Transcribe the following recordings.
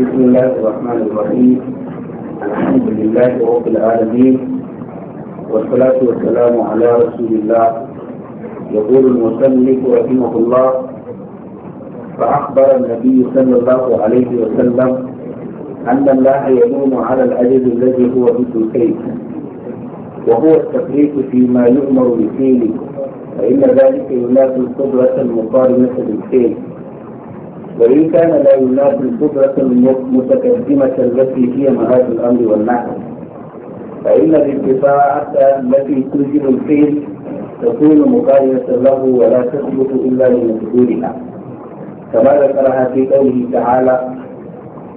بسم الله الرحمن الرحيم الحمد لله رب العالمين والصلاة والسلام على رسول الله يقول المسلم رحمه الله فأخبر النبي صلى الله عليه وسلم أن الله يلوم على العجز الذي هو مثل الكيس وهو التفريط فيما يؤمر بفعله فإن ذلك ينافي القدرة المقارنة بالكيس وإن كان لا ينافي القدرة المتقدمة التي هي مهاد الأمر والنحو فإن الارتفاعة التي تجد الفيل تكون مقارنة له ولا تثبت إلا لمجهولها كما ذكرها في قوله تعالى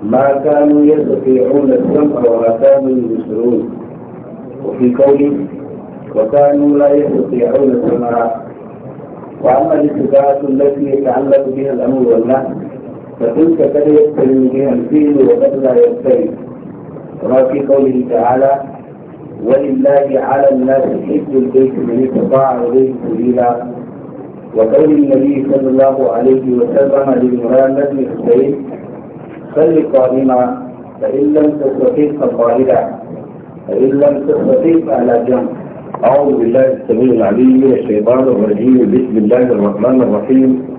ما كانوا يستطيعون السمع وما كانوا يبصرون وفي قوله وكانوا لا يستطيعون السمع وأما الاستطاعة التي يتعلق بها الأمر والنهي فتلك قد من بها الفيل وقد لا يبتلي كما في قوله تعالى ولله على الناس حج البيت من استطاع اليه سبيلا وقول النبي صلى الله عليه وسلم للمرأة بن حسين صل قائما فإن لم تستطيع فقائدا فإن لم تستطيع فعلى جنب أعوذ بالله السميع العليم من الشيطان الرجيم بسم الله الرحمن الرحيم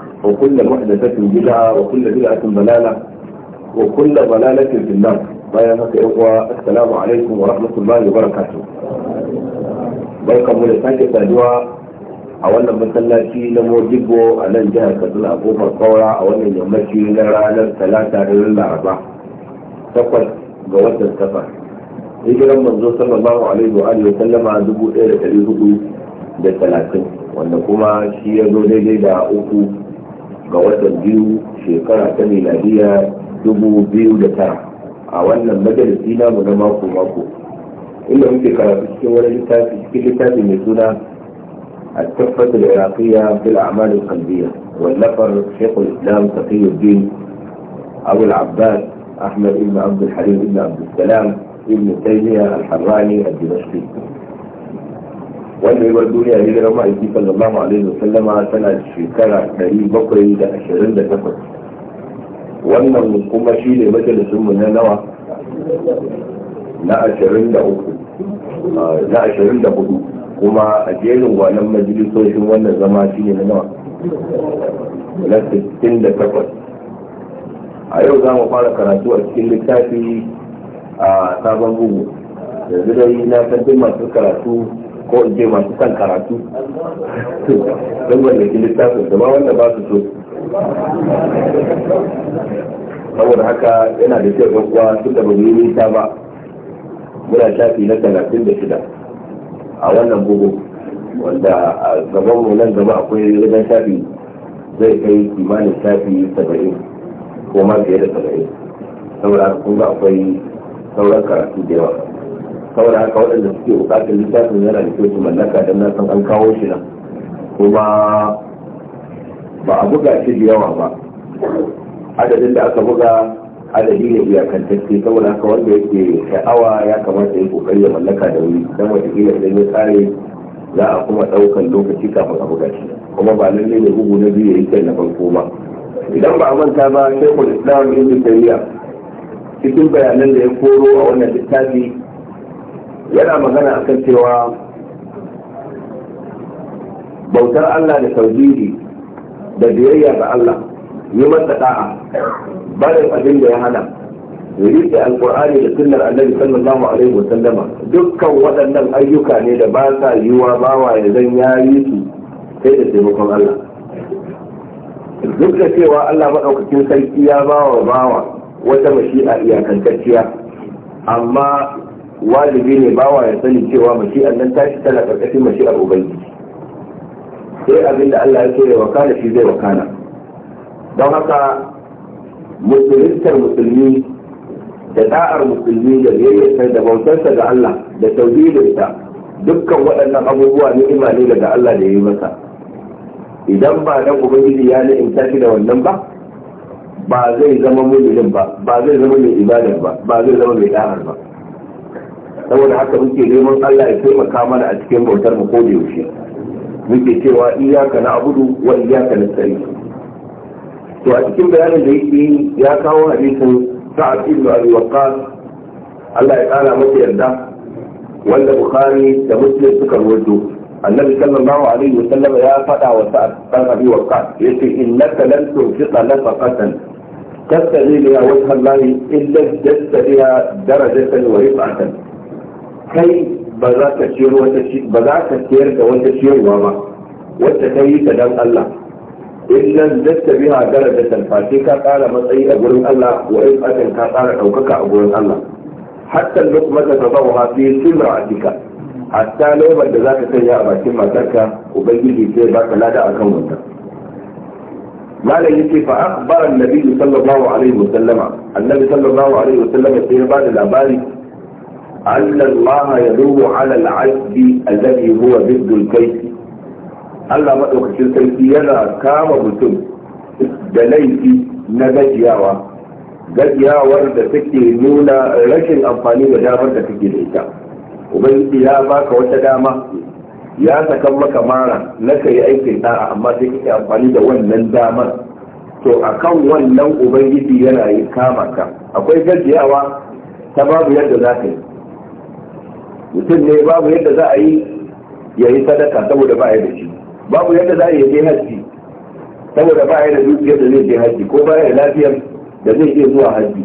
وكل محدثة بدعة وكل بدعة ضلالة وكل ضلالة في النار bayan haka yan uwa assalamu alaikum wa rahmatullahi wa barakatuh barkan mu da sake saduwa a wannan masallaci na modibo a nan jihar katsina a kofar kaura a wannan yammaci na ranar talata da laraba takwas ga watan safar hijiran manzo sallallahu alaihi wa alihi sallama dubu ɗaya da ɗari hudu da talatin wanda kuma shi ya zo daidai da uku ga watan biyu shekara ta miladiya dubu biyu da tara a wannan majalisi namu na mako mako inda muke karatu cikin wani littafi cikin littafi mai suna a da amal التحفة العراقية shaykhul islam taqiyuddin abu al-abbas ahmad ibn abd al-halim ibn abd al-salam ibn السلام al-harrani al-dimashqi wanda ya bar duniya ne da ma'aiki sallallahu alaihi wa sallama tana shekara 728 wannan kuma shi ne majalisun mu na nawa na 23 ah, na 24 kuma a jerin wannan majalisoshin wannan zama shi ne na nawa na 68 a yau za mu fara karatu a cikin littafi a ah, sabon bugu yanzu dai na san masu karatu ko in ce masu son karatu don wanda ke littafin da ma wanda ba su so saboda haka yana da kyau ɗan uwa tun da ba mu ta ba muna shafi na talatin da shida a wannan bugu wanda a gaban mu nan gaba akwai wajen shafi zai kai kimanin shafi saba'in ko ma fiye da saba'in saboda haka kun ga akwai sauran karatu da yawa saboda haka waɗanda suke bukatar littafin yana da kyau su mallaka don na san an kawo shi nan kuma ba a buga shi da yawa ba adadin da aka buga adadi ne iyakantacce saboda haka wanda yake sha'awa ya kamata ya kokari ya mallaka da wuri don watakila idan ya tsare za a kuma ɗaukar lokaci kafin a buga shi kuma ba lalle ne bugu na biyu ya yi kai na farko ba idan ba a manta ba da islam ibn cikin bayanan da ya koro a wannan littafi yana magana akan cewa bautar Allah da tauhidi da biyayya ga Allah yi masa da'a barin abin da ya hana riƙe alƙur'ani da sunnar annabi sallallahu alaihi wa sallama dukkan waɗannan ayyuka ne da ba sa yiwa bawa ya zan ya yi su sai da taimakon Allah duk da cewa Allah madaukakin sarki ya bawa bawa wata mashi'a iyakantacciya amma wajibi ne bawa ya sani cewa mashi'ar nan tashi tana karkashin mashi'ar ubangiji sai abin da Allah ya ce ya wakana shi zai wakana don haka musuluntar musulmi da da'ar musulmi da biyayyarsa da bautarsa ga Allah da tauhidinsa dukkan waɗannan abubuwa ne imani daga Allah da ya yi masa idan ba dan ubangiji ya in tashi da wannan ba ba zai zama muminin ba ba zai zama mai ibadar ba ba zai zama mai da'ar ba saboda haka muke neman Allah ya taimaka mana a cikin bautar mu ko yaushe muke cewa iyyaka na'budu wa iyyaka nasta'in to a cikin bayanin da yake ya kawo hadisin sa'ad ibn abi waqqas Allah ya kara masa yarda wanda bukhari da muslim suka rawaito annabi sallallahu alaihi wa sallam ya faɗa wa sa'ad ibn abi waqqas yace innaka lan tunfiqa nafaqatan تبتغي بها وجه الله إلا ازددت بها درجة ورفعة kai ba za ka ciyar wata ba za ka ciyar da wata ciyarwa ba wacce ka yi ta dan Allah in nan dasta biha darajatan da sai ka kara matsayi a gurin Allah wa in akan ka kara daukaka a gurin Allah hatta lokmata ta zawa fi simra'atika hatta lomar da za ka sanya a bakin matarka ubangiji sai ba ka lada akan wannan malam yace fa akhbara annabi sallallahu alaihi wasallama annabi sallallahu alaihi wasallama sai ya ba da labari أن الله يدور على العبد الذي هو ضد الكيس Allah maɗaukacin sarki yana kama mutum da laifi na gajiyawa gajiyawar da take nuna rashin amfani da damar da take da ita ubangiji ya baka wata dama ya saka maka mara na yi aikin da'a amma sai kake amfani da wannan damar to akan wannan ubangiji yana yi kama ka akwai gajiyawa ta babu yadda za ka yi mutum ne babu yadda za a yi ya yi sadaka saboda ba ya da shi babu yadda za a yi ya je hajji saboda ba yi da dukiyar da zai je hajji ko ba ya da lafiyar da zai iya zuwa hajji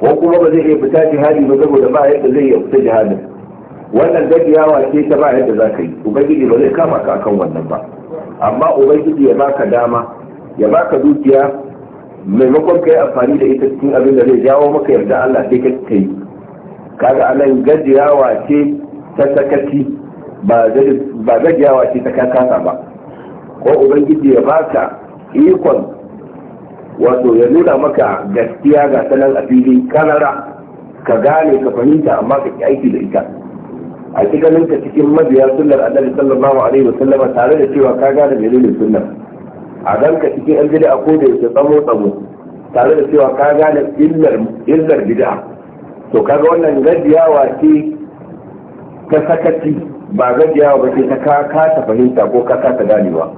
ko kuma ba zai iya fita jihadi ba saboda ba yadda zai iya fita jihadin wannan gajiyawa ce ta ba yadda za ka yi ubangiji ba zai kama ka akan wannan ba amma ubangiji ya baka dama ya baka dukiya maimakon ka yi amfani da ita cikin abin da zai jawo maka yarda Allah sai ka yi kaga anan gajiyawa ce ta sakaci ba gajiyawa ce ta kakasa ba ko ubangiji ya baka ikon wato ya nuna maka gaskiya ga sanan a fili kanara ka gane ka fahimta amma ka ki aiki da ita a cikin ka cikin mabiya sunnar annabi sallallahu alaihi sallama tare da cewa ka gane menene sunnar a ka cikin an gida ko da yake tsamo tsamo tare da cewa ka gane illar illar bid'a to kaga wannan gajiyawa ce ta sakaci ba gajiyawa ba ce ta kasa fahimta ko ka kasa ganewa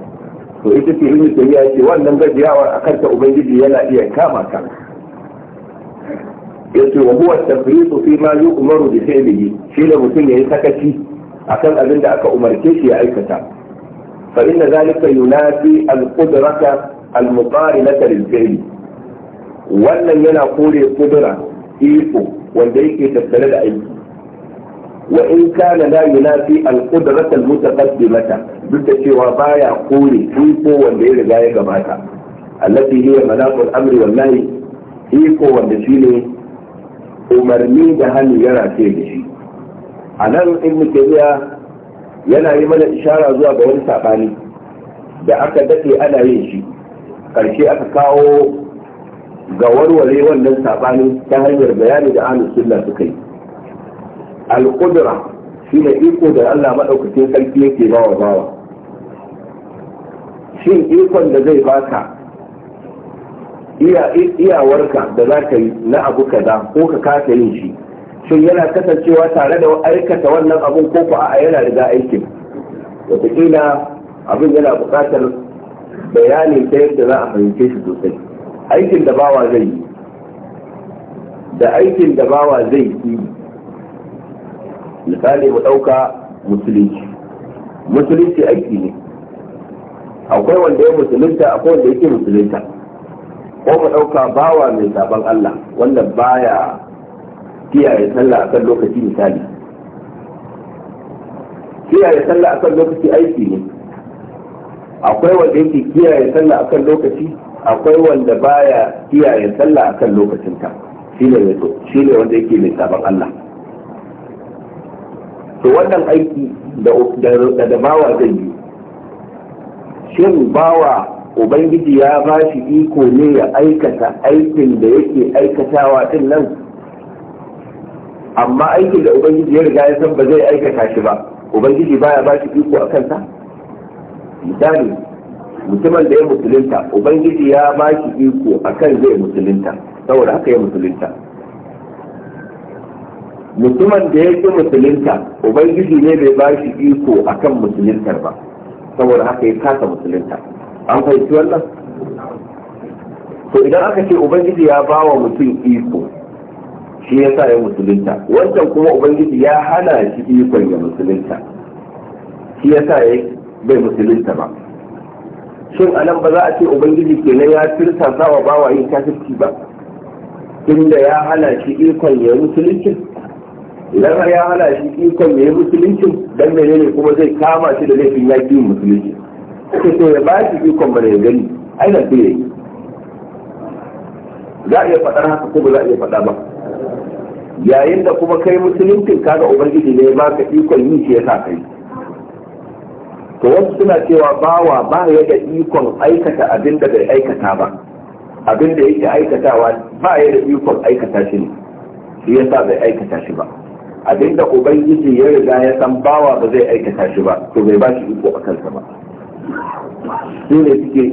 to ita ce ilmi yi ce wannan gajiyawa a kanta ubangiji yana iya kama ka ce wa huwa tafritu fi ma yu'maru bi fi'lihi shi da mutum yayi sakaci akan abin da aka umarce shi ya aikata fa inna zalika yunafi al-qudrata al-muqarinata lil-fi'li wannan yana kore kudura iko wanda yake tattare da aiki wa in kana la yunafi al-qudrat al-mutaqaddimata duk da cewa baya kore iko wanda ya riga ya gabata allati hiya malakul amri wallahi iko wanda shine umarni da hannu yana rafe da shi a nan ibn tabiya yana yi mana ishara zuwa ga wani sabani da aka dace ana yin shi karshe aka kawo ga warware wannan sabanin ta hanyar bayani da ahlus sunna suka yi al-qudra shi ne iko da Allah madaukakin sarki yake bawa bawa shin ikon da zai baka iyawarka da za ka yi na abu kaza ko ka kasa yin shi shin yana kasancewa tare da aikata wannan abun ko ko a yana riga aikin wataƙila abin yana buƙatar bayanin ta yadda za a fahimce shi sosai aikin da bawa zai yi da aikin da bawa zai yi misali mu ɗauka musulunci musulunci aiki ne akwai wanda ya musulunta akwai wanda yake musulunta ko mu ɗauka bawa mai sabon Allah wanda baya kiyaye sallah akan lokaci misali kiyaye sallah akan lokaci aiki ne akwai wanda yake kiyaye sallah akan lokaci akwai wanda baya kiyaye sallah akan lokacinta shi ne mai shi ne wanda yake mai sabon Allah to wannan aiki da da bawa zai yi shin bawa ubangiji ya ba shi iko ne ya aikata aikin da yake aikatawa din nan amma aikin da ubangiji ya riga ya san ba zai aikata shi ba ubangiji baya ba shi iko a kansa misali mutumin da ya musulunta ubangiji ya ba shi iko akan zai musulunta saboda haka ya musulunta mutumin da ya ki musulunta ubangiji ne bai ba shi iko akan musuluntar ba saboda haka ya kasa musulunta an fahimci wannan to idan aka ce ubangiji ya ba wa mutum iko shi ya sa ya musulunta wancan kuma ubangiji ya hana shi ikon ya musulunta shi ya sa ya bai musulunta ba shin anan ba za a ce ubangiji kenan ya tirsa sawa bawa yin kafirci ba inda ya hana shi ikon ya musulunci idan ya hana shi ikon ya musulunci dan menene kuma zai kama shi da laifin yaki musulunci sai ya ba shi ikon bane ya gani ai da sai yayi za a iya faɗar haka ko ba za a iya faɗa ba yayin da kuma kai musuluncin kaga ubangiji ne ya baka ikon yi shi ya sa kai to wasu suna cewa bawa ba ya da ikon aikata abin da bai aikata ba abin da yake aikatawa ba ya da ikon aikata shi ne shi ya sa bai aikata shi ba abin da ubangiji ya riga ya san bawa ba zai aikata shi ba to bai ba shi iko a kansa ba shi ne suke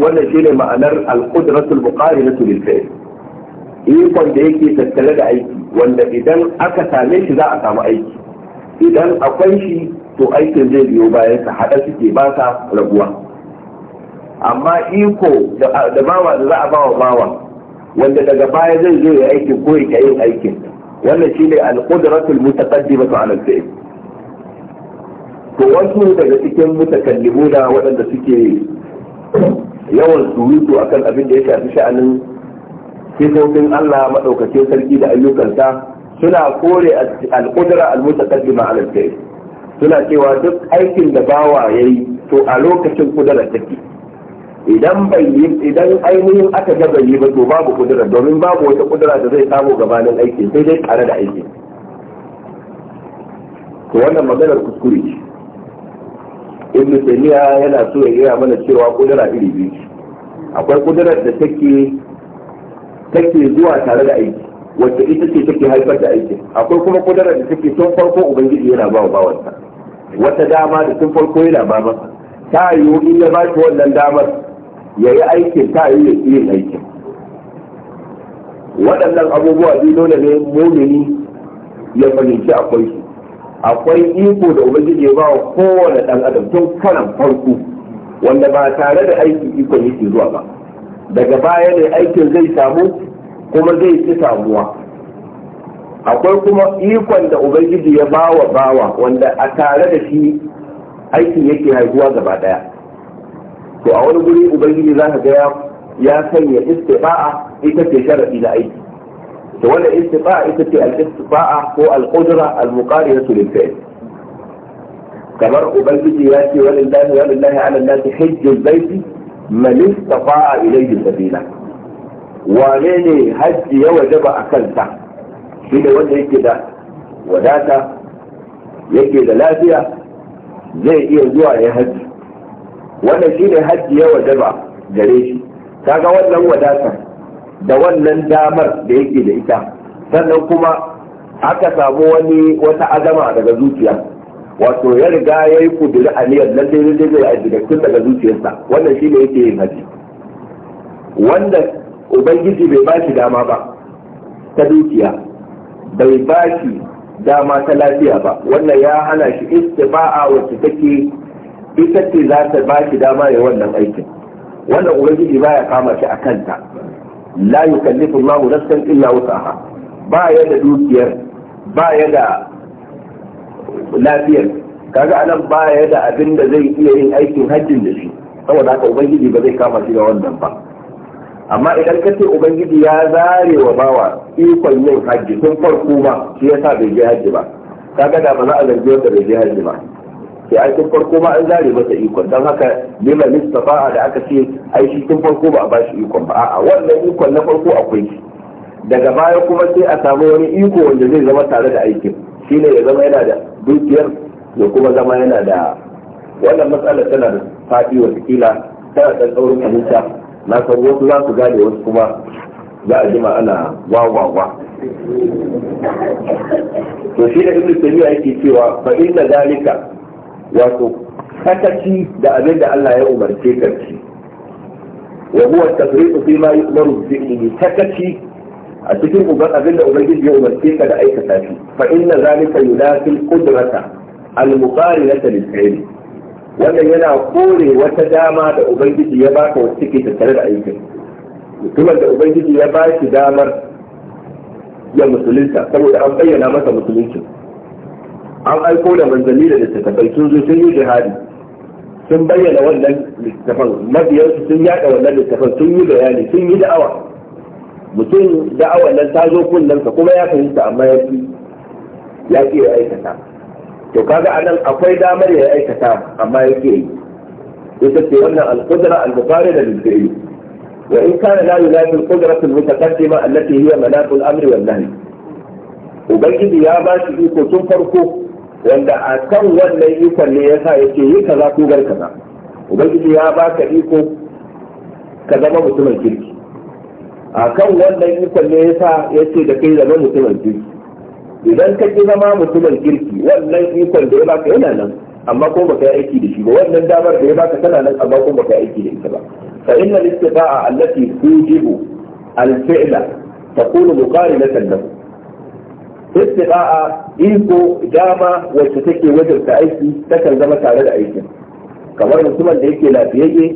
wannan shi ne ma'anar al-qudratul muqarinatu lil fi'l ikon da yake tattale da aiki wanda idan aka same shi za a samu aiki idan akwai shi to aikin zai biyo bayan ta haɗa suke ba sa rabuwa amma iko da bawa da za a bawa bawa wanda daga baya zai zo ya aikin ko ya yin aikin wannan ne al-qudratul mutaqaddimatu ala al to wasu daga cikin da waɗanda suke yawan surutu akan abin da ya shafi sha'anin sifofin Allah maɗaukacin sarki da ayyukansa suna kore al-qudra al-mutaqaddima ala al suna cewa duk aikin da bawa ya yi to a lokacin kudurar take idan bai idan ainihin aka ga bai yi ba to babu kudura domin babu wata kudura da zai samu gabanin aiki sai dai tare da aiki to wannan maganar kuskure ce ibn taymiya yana so ya gaya mana cewa kudura iri biyu akwai kudurar da take take zuwa tare da aiki wacce ita ce take haifar da aikin akwai kuma kudarar da take tun farko ubangiji yana ba wa bawansa wata dama da tun farko yana ba masa ta yi in ya ba shi wannan damar ya yi aikin ta yi ya yin aikin waɗannan abubuwa biyu dole ne mumini ya fahimci akwai su akwai iko da ubangiji ya ba wa kowane ɗan adam tun karan farko wanda ba tare da aiki ikon yake zuwa ba daga baya ne aikin zai samu kuma zai ci samuwa akwai kuma ikon da ubangiji ya bawa bawa wanda a tare da shi aiki yake haihuwa gaba daya to a wani guri ubangiji za ka gaya ya sanya istifa'a ita ce sharadi da aiki to wannan istifa'a ita ce al-istifa'a ko al-qudra al-muqariyatu kamar ubangiji ya ce walillahi walillahi ala nasi hajjul baiti man istafa'a ilayhi sabila wane ne hajji ya wajaba a kanta shi ne wanda yake da wadata yake da lafiya zai iya zuwa ya hajji wannan shi ne hajji ya wajaba gare shi kaga wannan wadatar da wannan damar da yake da ita sannan kuma aka samu wani wata azama daga zuciya wato ya riga ya yi kudiri aniyar lallai lallai zai jirgin daga zuciyarsa wannan shi ne yake yin haji wanda ubangiji bai ba shi dama ba ta dukiya bai ba shi dama ta lafiya ba wannan ya hana shi istifa'a wacce take ita ce za ta ba shi dama ya wannan aikin wannan ubangiji baya kama shi a kanta la yukallifu na san illa wusaha ba ya da dukiyar ba ya da lafiyar kaga anan ba ya da abin da zai iya yin aikin hajjin da shi saboda haka ubangiji ba zai kama shi da wannan ba amma idan ka ce ubangiji ya zare wa bawa ikon yin hajji tun farko ba shi yasa bai je hajji ba kaga da ba za a zargi wanda bai je hajji ba sai ai tun farko ma an zare masa ikon don haka lima mustafa da aka ce ai shi tun farko ba a ba shi ikon ba a'a wannan ikon na farko akwai shi daga baya kuma sai a samu wani iko wanda zai zama tare da aikin shine ya zama yana da dukiyar ya kuma zama yana da wannan matsalar tana da faɗi wa kila tana ɗan tsaurin fahimta na san wasu za su gane wasu kuma za a jima ana wawawa to shi da ibn taymiya yake cewa fa inna dalika wato sakaci da abin da Allah ya umarce ka ci wa huwa tafriqu fi ma yu'maru bihi sakaci a cikin ubar abin da ubangiji ya umarce ka da aikata shi fa inna zalika yudafil qudrata al-muqarinata lil ilm wannan yana kore wata dama da ubangiji ya baka wasu take tattare da aikin mutumin da ubangiji ya ba shi damar ya musulunta saboda an bayyana masa musulunci an aiko da manzanni da littattafai sun zo sun yi jihadi sun bayyana wannan littattafan mabiyansu sun yada wannan littattafan sun yi bayani sun yi da'awa mutum da'awa nan ta zo kunnen kuma ya fahimta amma ya fi ya ke aikata to kaga anan akwai damar ya aikata amma yake yi ita ce wannan al-qudra al-muqarrada lil fi'li wa in kana la yulafi al-qudra al-mutaqaddima allati hiya manaqul amri wal nahy ubangiji ya ba shi iko tun farko wanda a kan wannan ikon ne ya sa ya ce yi kaza ko gar kaza ubangiji ya ba ka iko ka zama mutumin kirki a kan wannan ikon ne ya sa ya ce da kai zama mutumin kirki idan ka ki zama mutumin kirki wannan ikon da ya baka yana nan amma ko baka yi aiki da shi ba wannan damar da ya baka tana nan amma ko baka yi aiki da ita ba fa inna al-istita'a allati tujibu al-fi'la takunu muqarinatan lahu istita'a iko dama wacce take wajen ta aiki takan zama tare da aikin kamar mutumin da yake lafiyayye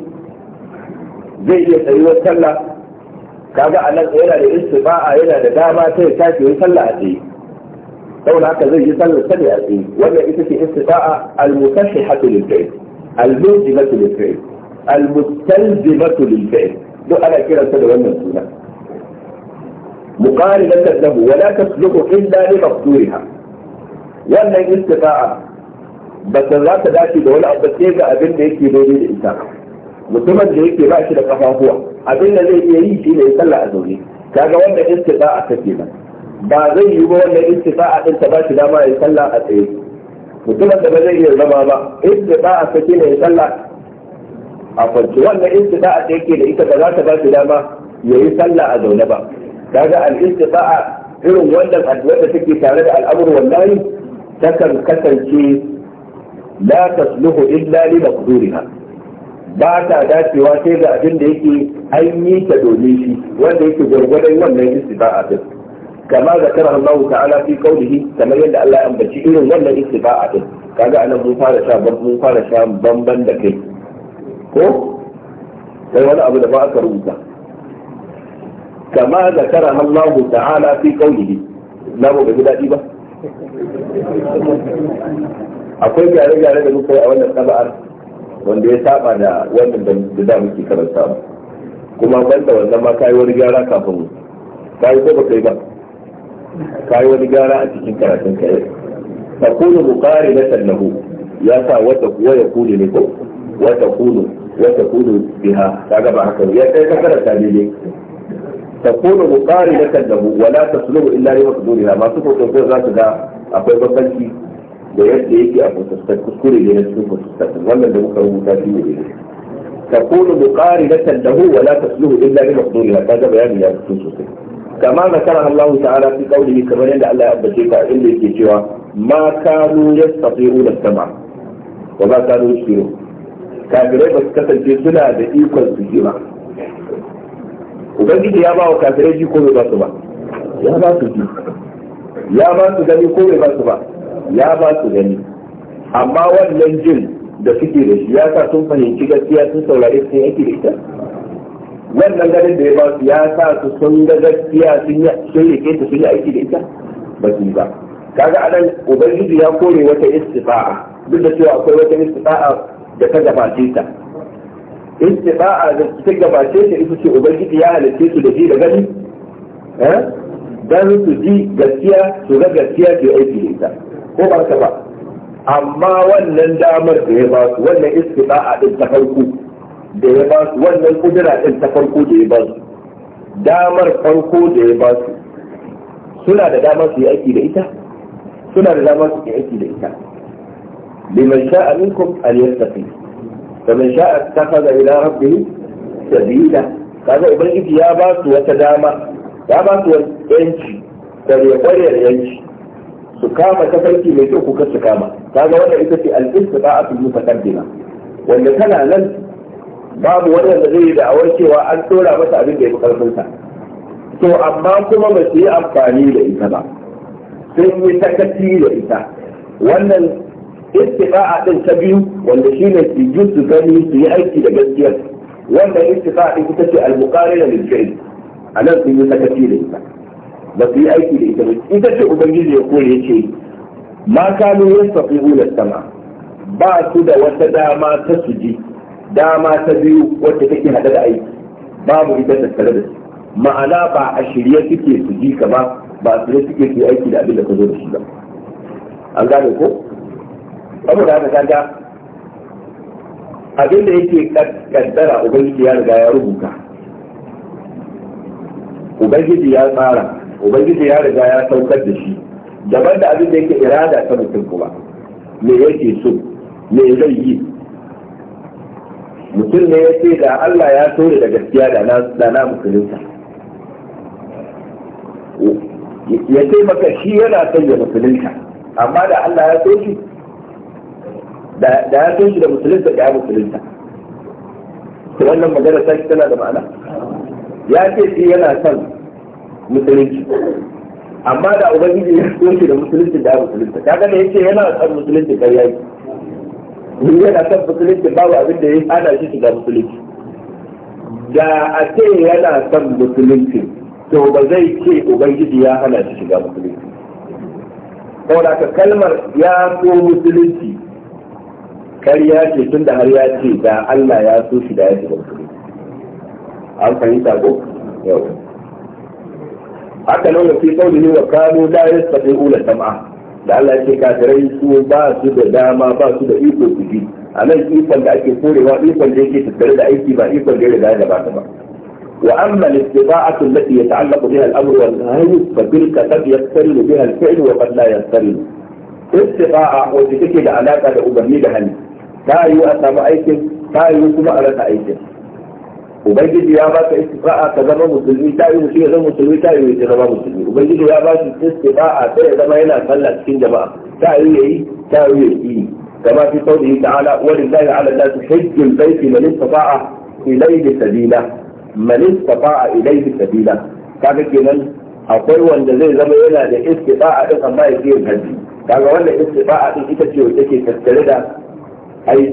zai iya tsayuwar sallah kaga anan yana da istifa'a yana da dama ta ya tashi sallah a tsaye قول هكا زي جسال الدين وهي إتتي استطاعة المتشحة للفعل الموجبة للفعل المستلزمة للفعل دو أنا كيرا سبع المنسونة مقاربة له ولا تسلق إلا لمصدورها وأن الاستطاعة بس الله تداشي دولة بس يبقى أبن ليكي دولي الإنسان مطمئن ليكي باشي لقفا هو أبن ليكي يجي ليسلع دولي كان وأن الاستطاعة تسيما ba zai yi ba wannan istifa'a a ta ba shi dama ya sallah a tsaye mutumin da ba zai iya zama ba istifa'a ta shine ya sallah a kwanci wannan a da yake da ita ba za ta ba shi dama ya yi sallah a zaune ba kaga al a irin wannan addu'a da take tare da al'amur wallahi kan kasance la tasluhu illa li maqduriha ba ta dacewa sai ga abin da yake an yi ta domin shi wanda yake gwargwadon wannan a din kama da tara Allah ta'ala fi kaulihi kamar yadda Allah ya ambaci irin wannan istifa'a din kaga anan mun fara sha mun fara sha bamban da kai ko sai wani abu da ba aka rubuta kama da tara Allah ta'ala fi kaulihi na ba ji dadi ba akwai gyare-gyare da muka yi a wannan sabar wanda ya saba da wannan da da muke karanta kuma banda wannan ma kai wani gyara kafin mu kai ko ba kai ba kai wani gyara a cikin karatun ka yi. ta kunu bukari na sallahu ya sa wata kuwa ya kunu ne ko wata kunu wata kunu biha ta gaba haka ya kai ka karanta ne ne ta kunu bukari na sallahu wala ta sulubu illa ne masu duniya masu fotofi za su ga akwai bambanci da yadda yake a fotofi kuskure ne na cikin fotofi wannan da muka rubuta shi ne تكون مقارنة له ولا تسلوه إلا بمقدورها هذا بيان يا sosai. kama zakara Allah ta'ala fi qawlihi kamar yadda Allah ya ambace ka inda yake cewa ma kanu yastati'u da sama wa ma kanu yusiru kafirai ba su kasance suna da ikon su ji ba ubangiji ya ba wa kafirai ji ko bai ba su ba ya ba su ji ya ba su gani ko bai ba su ba ya ba su gani amma wannan jin da suke da shi ya sa sun fahimci gaskiya sun saurari sun yake da ita wannan ganin da ya ba su ya sa su sun ga gaskiya sun yi sun ta sun yi aiki da ita ba su ba kaga anan ubangiji ya kore wata istifa'a duk da cewa akwai wata istifa'a da ta gabace ta istifa'a da ta gabace ta ita ce ubangiji ya halitta su da ji da gani eh? dan su ji gaskiya su ga gaskiya su aiki da ita ko ba ka ba amma wannan damar da ya ba su wannan istifa'a din ta farko da ya ba su wannan kudura ɗin ta farko da ya ba su damar farko da ya ba su suna da damar su yi aiki da ita suna da dama su yi aiki da ita liman sha'a minkum an yastafi fa man sha'a takhadha ila rabbih sabila kaga ubangiji ya ba su wata dama ya ba su yanci kware kware yanci su kama ta tafarki mai kyau kuka su kama kaga wannan ita ce al-istifa'atu mutaqaddima wanda tana nan babu wannan da zai yi da'awar cewa an tsora masa abin da ya fi sa to amma kuma ba su yi amfani da ita ba sun yi takaci da ita wannan istifa'a din ta biyu wanda ne su ji su gani su yi aiki da gaskiya wannan istifa'a din kuka ce albukari da al a nan sun yi takaci da ita ba su yi aiki da ita ba ita ce ubangiji ya kore ce ma kanu yastafi'u lis-sama ba su da wata dama ta su ji dama ta biyu wadda take hada da aiki babu ita tattare da su ma'ana ba a shirye suke su ji ka ba ba su ne suke su aiki da abin da ka zo da shi ba an gane ko da haka kaga abin da yake kaddara ubangiji ya riga ya rubuta ubangiji ya tsara ubangiji ya riga ya saukar da shi daban da abin da yake irada ta mutum kuma me yake so me zai yi mutum ne ya ce da Allah ya so da gaskiya da na musulunta ya ce maka shi yana son ya musulunta amma da Allah ya so shi da ya so shi da musulunta da ya musulunta wannan magana ta tana da ma'ana ya ce shi yana son musulunci amma da ubangiji ya so shi da musulunci da ya musulunta kaga da yace yana son musulunci kai yayi in yana son musulunci babu abin da ya hana shi shiga musulunci da a ce yana son musulunci to ba zai ce ubangiji ya hana shi shiga musulunci saboda aka kalmar ya so musulunci kariya ce tun da har ya ce da Allah ya so shi da ya shiga musulunci an fahimta ko yau haka nan wasu da ne wa kano ya sabi la sam'a da Allah ya ce kafirai su ba su da dama ba su da iko su ji a nan ikon da ake korewa ikon da yake tattare da aiki ba ikon da ya riga ya gabata ba وأما الاستطاعة التي يتعلق بها الأمر والنهي فتلك قد يقترن بها الفعل وقد لا يقترن. استطاعة وتتكد علاقة لأبني لهن. تا يؤتى بأيك تا يؤتى ألك أيك. ubangiji ya ba ka istifa'a ka zama musulmi ta yi mutum ya zama musulmi ta yi ya zama musulmi ubangiji ya ba shi istifa'a sai ya zama yana sallah cikin jama'a ta yi yayi ta yi yayi kama fi qawlihi ta'ala wa lillahi 'ala an-nasi hajju al-bayti man istata'a ilayhi sabila man istata'a ilayhi sabila kaga kenan akwai wanda zai zama yana da istifa'a din amma ya yi hajji kaga wannan istifa'a din ita ce wacce take tattare da ai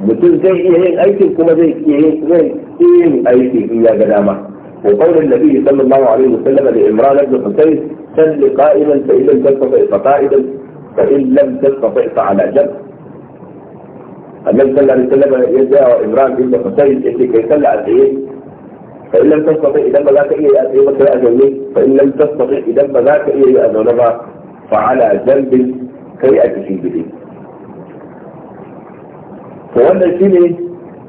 mutum zai iya yin aikin kuma zai iya yin zai yin aiki in ya ga dama وقول النبي صلى الله عليه وسلم لعمران بن حسين سل قائما فإن لم تستطع فقائدا فإن لم تستطع فعلى جنب النبي صلى الله عليه وسلم يدعى عمران بن حسين يجي كي يصلي على الايه فإن لم تستطع إذا ما ذاك إيه يأتي متى يأذن فإن لم تستطع إذا ما ذاك إيه يأذن فعلى جنب كي أتشي به to wannan shine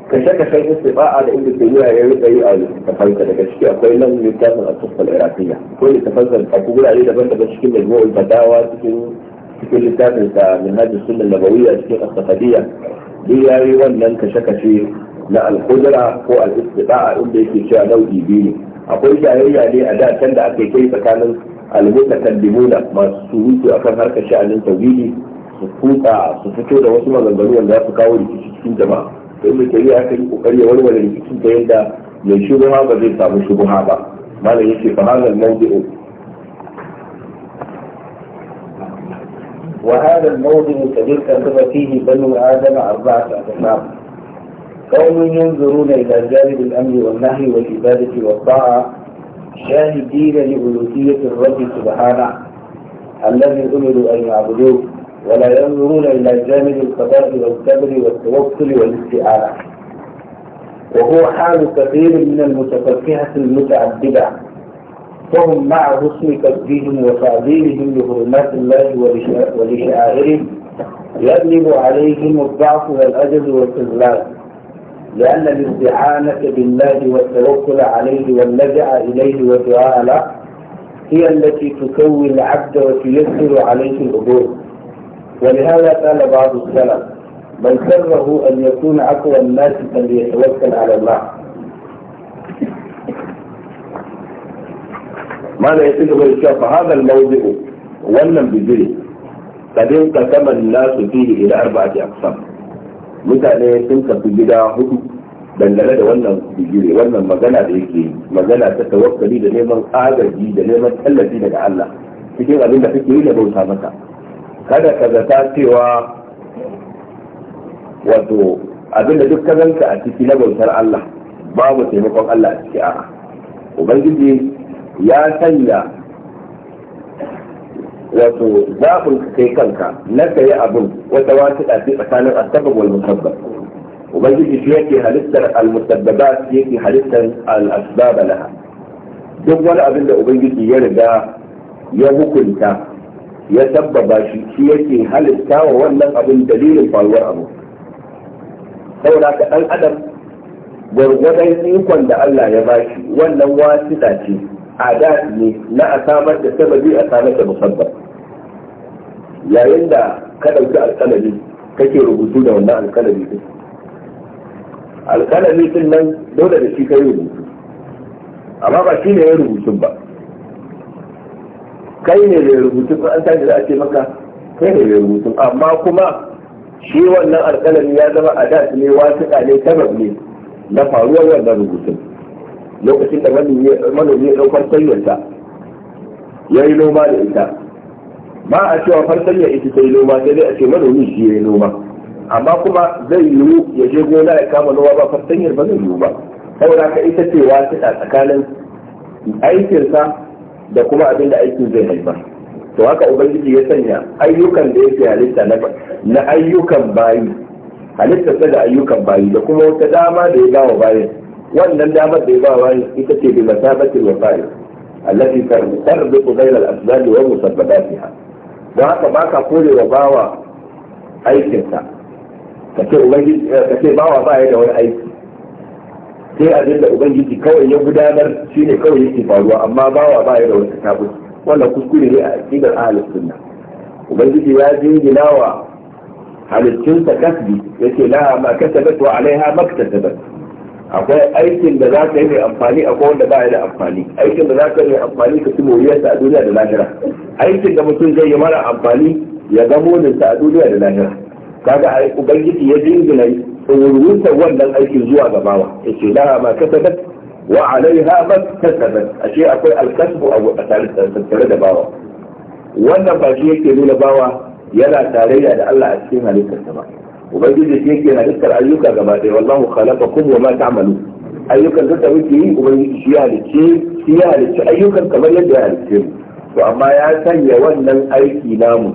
kashe-kashen istifa'a da inda ke zuwa ya rika yi a tafarka daga ciki akwai nan littafin al-tufal iraqiyya ko littafin a gurare daban-daban cikin majmu'ul fatawa cikin cikin littafin sa minhajus sunnah nabawiyya cikin as-safadiyya duk yayi wannan kashe-kashe na al-qudra ko al-istifa'a inda yake cewa nau'i biyu ne akwai jayayya ne a da can da ake kai tsakanin al-mutakallimuna masu surutu akan harkar sha'anin tauhidi su kuka su fito da wasu maganganu wanda za su kawo rikici cikin jama'a to ibnu taymiya aka yi kokari ya warware rikicin ta yadda mai shubuha ba zai samu shubuha ba malam yake fa hadal mawdi'u وهذا الموضع الذي كتب فيه بنو آدم أربعة أقسام قوم ينظرون إلى جانب الأمر والنهي والعبادة والطاعة شاهدين لألوهية الرب سبحانه الذي أمروا أن يعبدوه ولا ينظرون إلى جانب القضاء والقدر والتوكل والاستعانة وهو حال كثير من المتفكهة المتعددة فهم مع حسن تقديرهم وتعظيمهم لحرمات الله ولشعائره يغلب عليهم الضعف والأجل والخذلان لأن الاستعانة بالله والتوكل عليه واللجأ إليه والدعاء له هي التي تكوي العبد وتيسر عليه الأمور ولهذا قال بعض السلف من سره أن يكون أقوى الناس فليتوكل على الله ما لا يصير غير فهذا الموضع ولم بجري قد انقسم الناس فيه إلى أربعة أقسام mutane sun tafi gida hudu dangane da wannan bigire wannan magana da yake magana ta tawakkali da neman agaji da neman tallafi daga Allah cikin abin da kake yi da bauta maka kada ka zata cewa wato abinda duk ka zanka a ciki na bautar Allah babu taimakon Allah a ciki a'a ubangiji ya sanya wato zaɓin kai kanka na ka yi abin wata wata ɗafi tsakanin asabab wal musabbab ubangiji shi yake halittar al-musabbabat yake halittar al-asbab laha duk wani abin da ubangiji ya riga ya hukunta ya sabbaba shi shi yake halitta wa wannan abin dalilin faruwar abu saboda ka dan adam gwargwadon ikon da Allah ya bashi wannan wasiɗa ce adat ne na a samar da sababi a samar da musabbab yayin da ka ɗauki alkalami kake rubutu da wannan alkalami din alkalami din nan dole da shi ka yi rubutu amma ba shi ne ya rubutun ba kai ne mai rubutu an tashi za a ce maka kai ne mai rubutu amma kuma shi wannan alƙalami ya zama a da ne wasiƙa ne sabab ne na faruwar wannan rubutun lokacin da manomi ya ɗaukar sanyarta ya yi noma da ita ba a cewa ya ita ta yi noma sai dai a ce manomi shi ya yi noma amma kuma zai yiwu ya je gona ya kama noma ba farkon ba zai yiwu ba saboda ka ita ce wasiƙa tsakanin aikinsa da kuma abin da aikin zai haifar to haka ubangiji ya sanya ayyukan da yake halitta na ayyukan bayi halittarsa da ayyukan bayi da kuma wata dama da ya gawa bayan wannan damar da ya wa bayan ita ce bi masabatin wa zai allati tarbitu bayna al-asbab wa musabbabatiha don haka ba ka kore wa bawa aikinsa ka ce eh, bawa ba ya da wani aiki sai abin da ubangiji kawai ya gudanar shi ne kawai yake faruwa amma bawa ba ya da wata tabu wannan kuskure ne a cikin ahlus sunna ubangiji ya jingina wa ta kasbi yace la ma kasabat wa alaiha maktasabat akwai aikin da za ka yi mai amfani akwai wanda ba ya da amfani aikin da za ka yi mai amfani ka ci moriyarsa a duniya da lahira aikin da mutum zai yi mara amfani ya ga moninsa a duniya da lahira kaga ubangiji ya jingina umurtar wannan aiki zuwa ga bawa yace laha ma kasabat wa alaiha ma kasabat ashe akwai alkasbu a tattare da bawa wannan ba shi yake nuna bawa yana tarayya da Allah a cikin halittarsa ba ubangiji shi yake halittar ayyuka gaba ɗaya wallahu khalaqakum wa ma ta'malu ayyukan da wuce yi ubangiji shi halicce shi halicce ayyukan kamar yadda ya halicce to amma ya sanya wannan aiki namu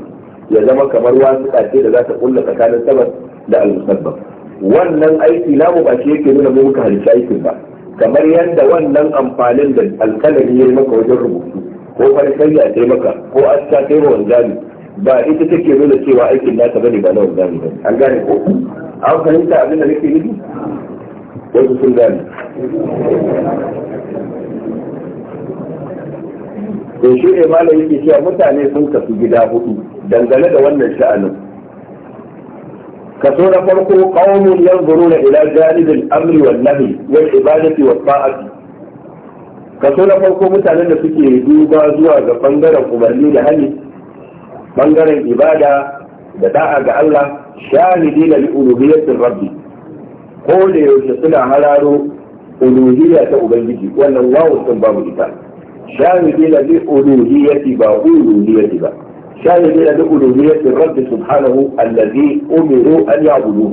ya zama kamar wasu ce da za ta kulla tsakanin sabab da al-musabbab wannan aiki na mu shi yake nuna mu muka halicci aikin ba kamar yadda wannan amfanin da alkalami ya yi maka wajen rubutu ko ya ta maka ko an ta wa wanzami ba ita take nuna cewa aikin ta bane ba na wanzami ba an gane ko an fahimta abin da nake nufi wasu sun gane to shi ne malam yake cewa mutane sun tafi gida hudu dangane da wannan sha'anin kaso na farko qaumun yanzuruna ila janib al-amri wal nahy wal ibadati wat ta'ati kaso na farko mutanen da suke duba zuwa ga bangaren umarni da hali bangaren ibada da da'a ga Allah shahidina li uluhiyyati rabbi ko da yaushe suna hararo uluhiyya ta ubangiji wannan wawu sun babu ita shahidina li uluhiyyati ba uluhiyyati ba شاهد شاهدين بألوهية الرب سبحانه الذي أمروا ان يعبدوه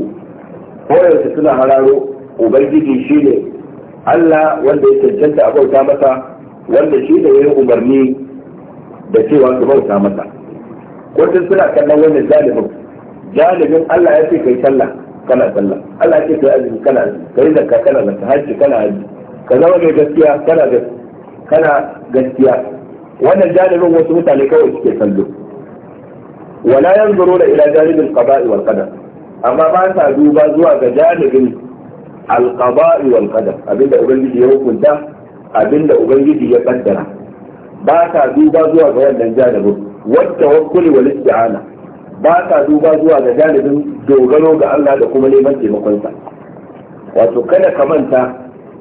هو يتسنى هلالو وبيجي شيني ألا وانده يتجنت أبو تامتا وانده شيني يؤمرني بشي وانده أبو تامتا كنت سنة كان وين الظالم جالب ألا يأتي كي سلح كلا سلح ألا يأتي كي أزم كلا أزم كي زكا كلا زكا هاتي كلا أزم كذا وجه جسيا كلا جسيا كلا جسيا وانا ظالم وسمتا لكوش كي سلح wala da ila janibin qada'i wal qadar amma ba ta duba zuwa ga janibin alqada'i wal qadar abinda ubangiji ya hukunta abinda ubangiji ya kaddara ba ta duba zuwa ga wannan janibin wata wakuli wal isti'ana ba ta duba zuwa ga janibin dogaro ga Allah da kuma neman taimakon sa. wato kada ka manta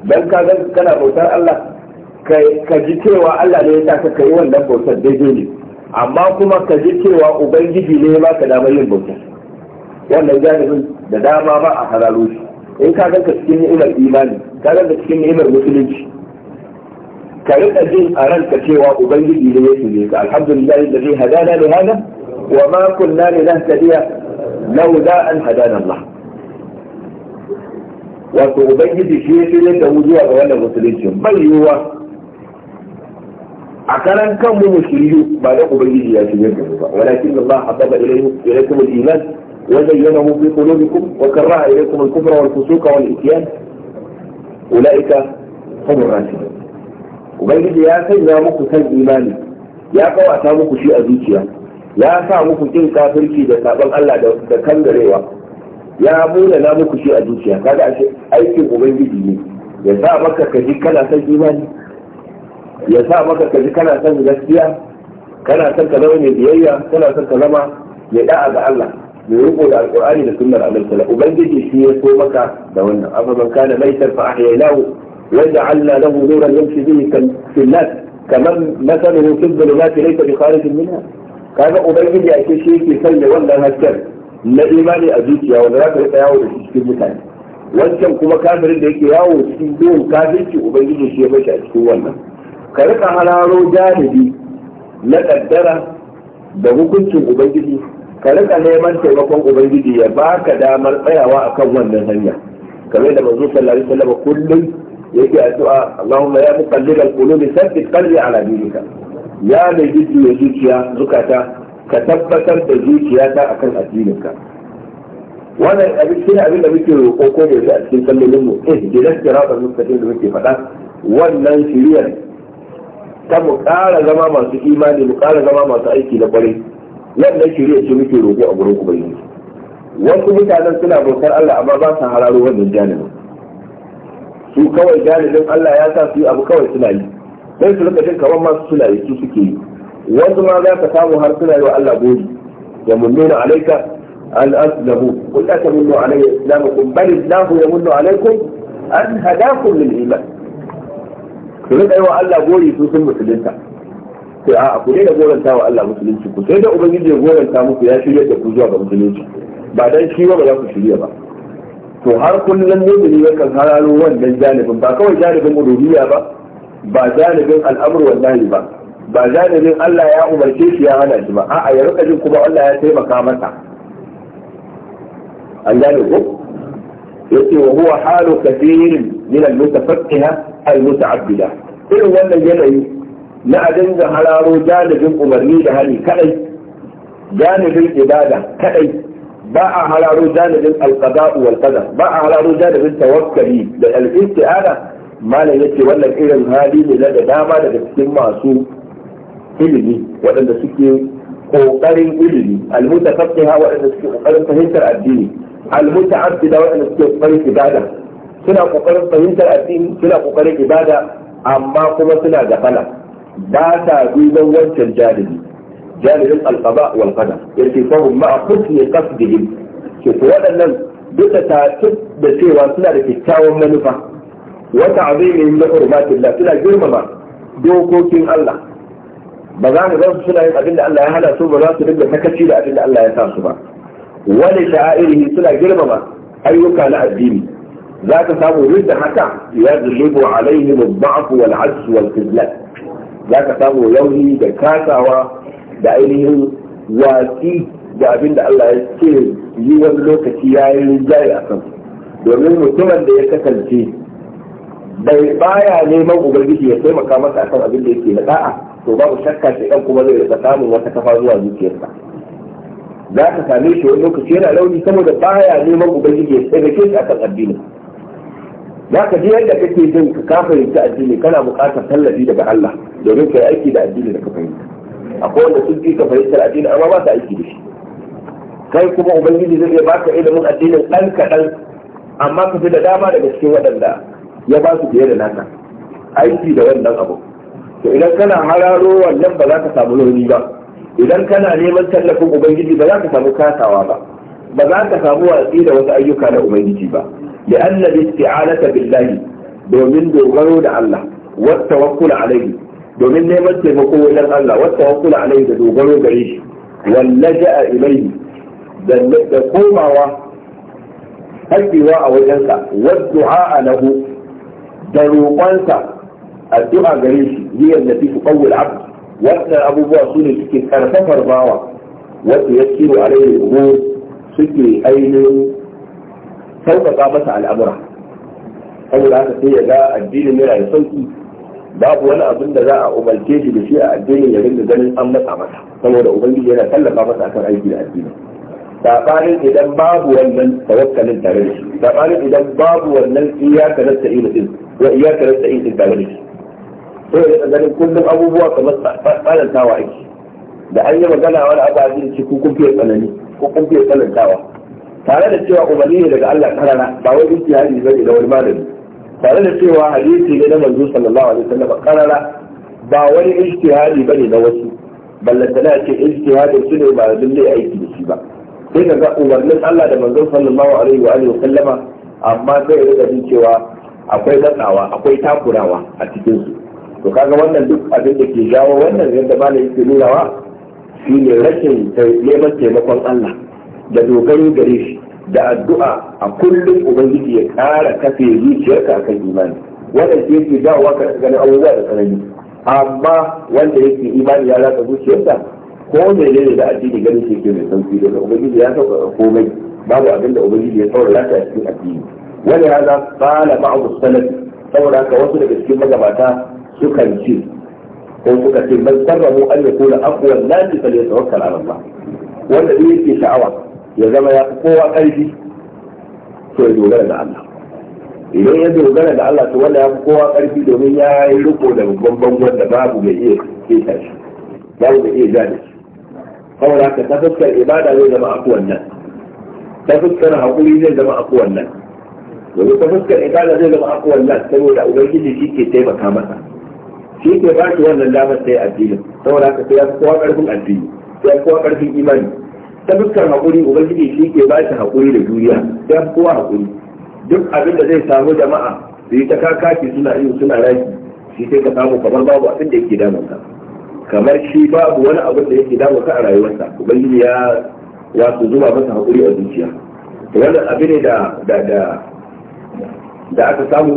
dan ka kana bautar Allah ka ji cewa Allah ne ya sa ka yi wannan bautar daidai ne amma kuma ka ji cewa ubangiji ne ba ka damar yin bauta wannan janibin da dama ba a hararo shi in ka ganka cikin ni'imar imani ka ganka cikin ni'imar musulunci ka riƙa jin a ranka cewa ubangiji ne ya shige ka alhamdulillah da zai hadana da hada wa ma kunna ne nan tadiya lauda an hadana Allah wato ubangiji shi ya shirya da mu ga wannan musulunci bai yiwuwa a karan kan mu musulmi ba da ubangiji ya shirye da ba walakin Allah ilayhi ilaykum al-iman wa zayyanahu fi qulubikum wa karaha ilaykum al-kufra wal fusuqa wal isyan ulaika hum ar-rashidun ubangiji ya sanya muku san imani ya kawata muku shi a zuciya ya sa muku kin kafirci da sabon Allah da kangarewa ya muna na muku shi a zuciya kaga ashe aikin ubangiji ne ya sa maka kaji kana san imani ya sa maka ka ji kana son gaskiya kana son ka zama mai biyayya kana son ka zama mai da'a ga Allah mai riko da alqur'ani da sunnar annabi sallallahu ubangiji shi ya so maka da wannan amma man kana maitar fa ahyaynahu وجعلنا له نورا يمشي به في الناس كمن مثله في الظلمات ليس بخارج منها kaga ubangiji a ce shi yake sanya wannan hasken na imani a zuciya wanda za ka rika yawo da cikin mutane wancan kuma kafirin da yake yawo cikin duhun kafirci ubangiji shi ya bashi a cikin wannan ka rika hararo janibi na kaddara da hukuncin ubangiji ka rika neman taimakon ubangiji ya baka damar tsayawa akan wannan hanya kamar da manzo sallallahu alaihi wasallam kullum yake addu'a Allahumma ya muqallib al-qulub thabbit qalbi ala dinika ya mai jiji zuciya zukata ka tabbatar da zuciyata akan addininka wannan abin shi abin da muke roƙo ko da a cikin sallolin mu eh dinas siratal mustaqim da muke faɗa wannan shiriyar ta mu ƙara zama masu imani mu ƙara zama masu aiki da kwarai wannan shirya ce muke roƙo a gurin bayyana wasu mutanen suna bautar Allah amma ba su hararo wannan janibin su kawai janibin Allah ya sa su yi abu kawai suna yi sai su rika jin kamar masu suna yi su suke yi wasu ma za ka samu har suna yi wa Allah gori ya munnuna alaika an aslahu qul atamunnu alayya islamakum bal illahu yamunnu alaykum an hadakum lil iman su rika yi wa Allah gori su sun musulunta sai a ku da goranta wa Allah musulunci ku sai da ubangiji ya goranta muku ya shirya da ku zuwa ga musulunci ba dan shi ba za ku shirya ba to har kullum ne ne kan hararo wannan janibin ba kawai janibin uluhiyya ba ba janibin al'amur wallahi ba ba janibin Allah ya umarce shi ya hana shi ba a'a ya rika jin kuma Allah ya taimaka masa an gane ko yace wa huwa halu kathirin من المتفقهة المتعبدة إن ولا يدعي لا أدنز على بن أمريكا لهذه كأي جانب الإبادة كأي باع على بن القضاء والقدر باع على بن رجانب التوكل للإستعادة ما لا يأتي ولا إلى هذه لدى ما لدى السماء سوء إلني وأن سكي قوقرين إلني المتفقهة وأن سكي قوقرين فهنتر الدين المتعبدة وأن سكي قوقرين إبادة suna kokarin fahimtar addini suna kokarin ibada amma kuma suna da gafala ba ta duban wancan jahili jahilin alqaba wal qadar yace fa hum ma'a husni qasdihim ke to waɗannan duka ta da cewa suna da kyakkyawan manufa wata azimin na hurmatillah suna girmama dokokin Allah ba za mu gansu suna yin abin da Allah ya hana su ba za su dinga sakaci da abin da Allah ya sa su ba wani sha'airihi suna girmama ayyuka na addini za ka samu duk da haka ya zulibu alaihim al-da'fu wal 'ajz wal khizlan za ka samu rauni da kasawa da ainihin watsi da abin da Allah ya ce yi wani lokaci ya yi rinjaye a kan domin mutumin da ya kasance bai baya neman ubangiji ya taimaka masa akan abin da yake na da'a to babu shakka shi ɗan kuma zai rika samun wata kafa zuwa zuciyarsa za ka same shi wani lokaci yana rauni saboda baya neman ubangiji ya taimake shi akan addinin za ka ji yadda kake jin ka ka ta addini kana buƙatar tallafi daga Allah domin ka yi aiki da addini da ka fahimta akwai wanda sun ji ka fahimtar addini amma ba ta aiki da shi kai kuma ubangiji zai ba ka ilimin addinin ɗan kaɗan amma ka fi da dama daga cikin waɗanda ya ba su fiye da naka aiki da wannan abu to idan kana hararo wannan ba za ka samu rauni ba idan kana neman tallafin ubangiji ba za ka samu kasawa ba ba za ka samu watsi da wasu ayyuka na ubangiji ba لأن الاستعانة بالله دومين دوغانو دا الله والتوكل عليه دومين نيمان تيمقو إلى الله والتوكل عليه دوغانو بريش واللجأ إليه دن تقوم و الدواء وجنسا والدعاء له دروقانسا الدعاء بريش هي التي تقوي العبد وأن أبو بوصول سكي أرسفر باوا وتيسير عليه الأمور سكي أينه sauƙaƙa masa al'amura saboda haka sai ya ga addinin yana da sauƙi babu wani abin da za a umarce shi da shi a addinin ya rinda ganin an matsa masa saboda ubangiji yana tallafa masa akan aiki da addini sabanin idan babu wannan tawakkalin tare da shi sabanin idan babu wannan iyaka nasta'in din wa iyaka nasta'in din tare da shi sai ya ganin kullum abubuwa kamar tsanantawa aiki da an yi magana wani abu a cikin kun fiye tsanani ko kun fiye tsanantawa tare da cewa umarni ne daga Allah karana ba wai ijtihadi bane da wani malami tare da cewa hadisi ne na manzo sallallahu alaihi wasallam karara ba wani ijtihadi bane na wasu ballantana ce ijtihadi su ne ba lalle aiki da shi ba sai ka ga umarnin Allah da manzo sallallahu alaihi wa alihi wasallama amma sai ya rika cewa akwai zakawa akwai takurawa a cikin su to kaga wannan duk abin da ke jawo wannan yadda malami ke shi shine rashin neman taimakon Allah da dogaro gare shi da addu'a a kullum ubangiji ya ƙara kafe zuciyarka akan imani wannan ke yake dawowa ka ganin abubuwa da tsanani amma wanda yake imani ya ratsa zuciyarsa ko ne ne da addini ganin shi ke mai sauki daga ubangiji ya sauka komai babu abin da ubangiji ya saurara ta cikin addini wani ya za ba abu salaf saboda haka wasu daga cikin magabata sukan ce ko suka ce man sarrahu an kula aqwa lati falyatawakkal ala Allah wanda yake sha'awa ya zama ya fi kowa ƙarfi to ya dogara da Allah idan ya dogara da Allah to wanda ya fi kowa ƙarfi domin ya yi riko da babban bangon da babu mai iya keta shi babu mai iya gane shi saboda haka ta fuskar ibada zai zama aku nan, ta fuskar haƙuri zai zama aku nan, domin ta fuskar ibada zai zama aku nan saboda ubangiji shi ke taimaka masa shi ke ba shi wannan damar sai addinin saboda haka sai ya fi kowa ƙarfin addini sai ya fi kowa ƙarfin imani ta dukkan haƙuri ubangiji shi ke ba shi haƙuri da juriya ya kowa haƙuri duk abin da zai samu jama'a su yi ta kakaki suna yi suna raki shi sai ka samu kamar babu abin da yake damun ka kamar shi babu wani abin da yake damun ka a rayuwarsa ubangiji ya ya su zuba masa haƙuri a zuciya wannan abin ne da da da da aka samu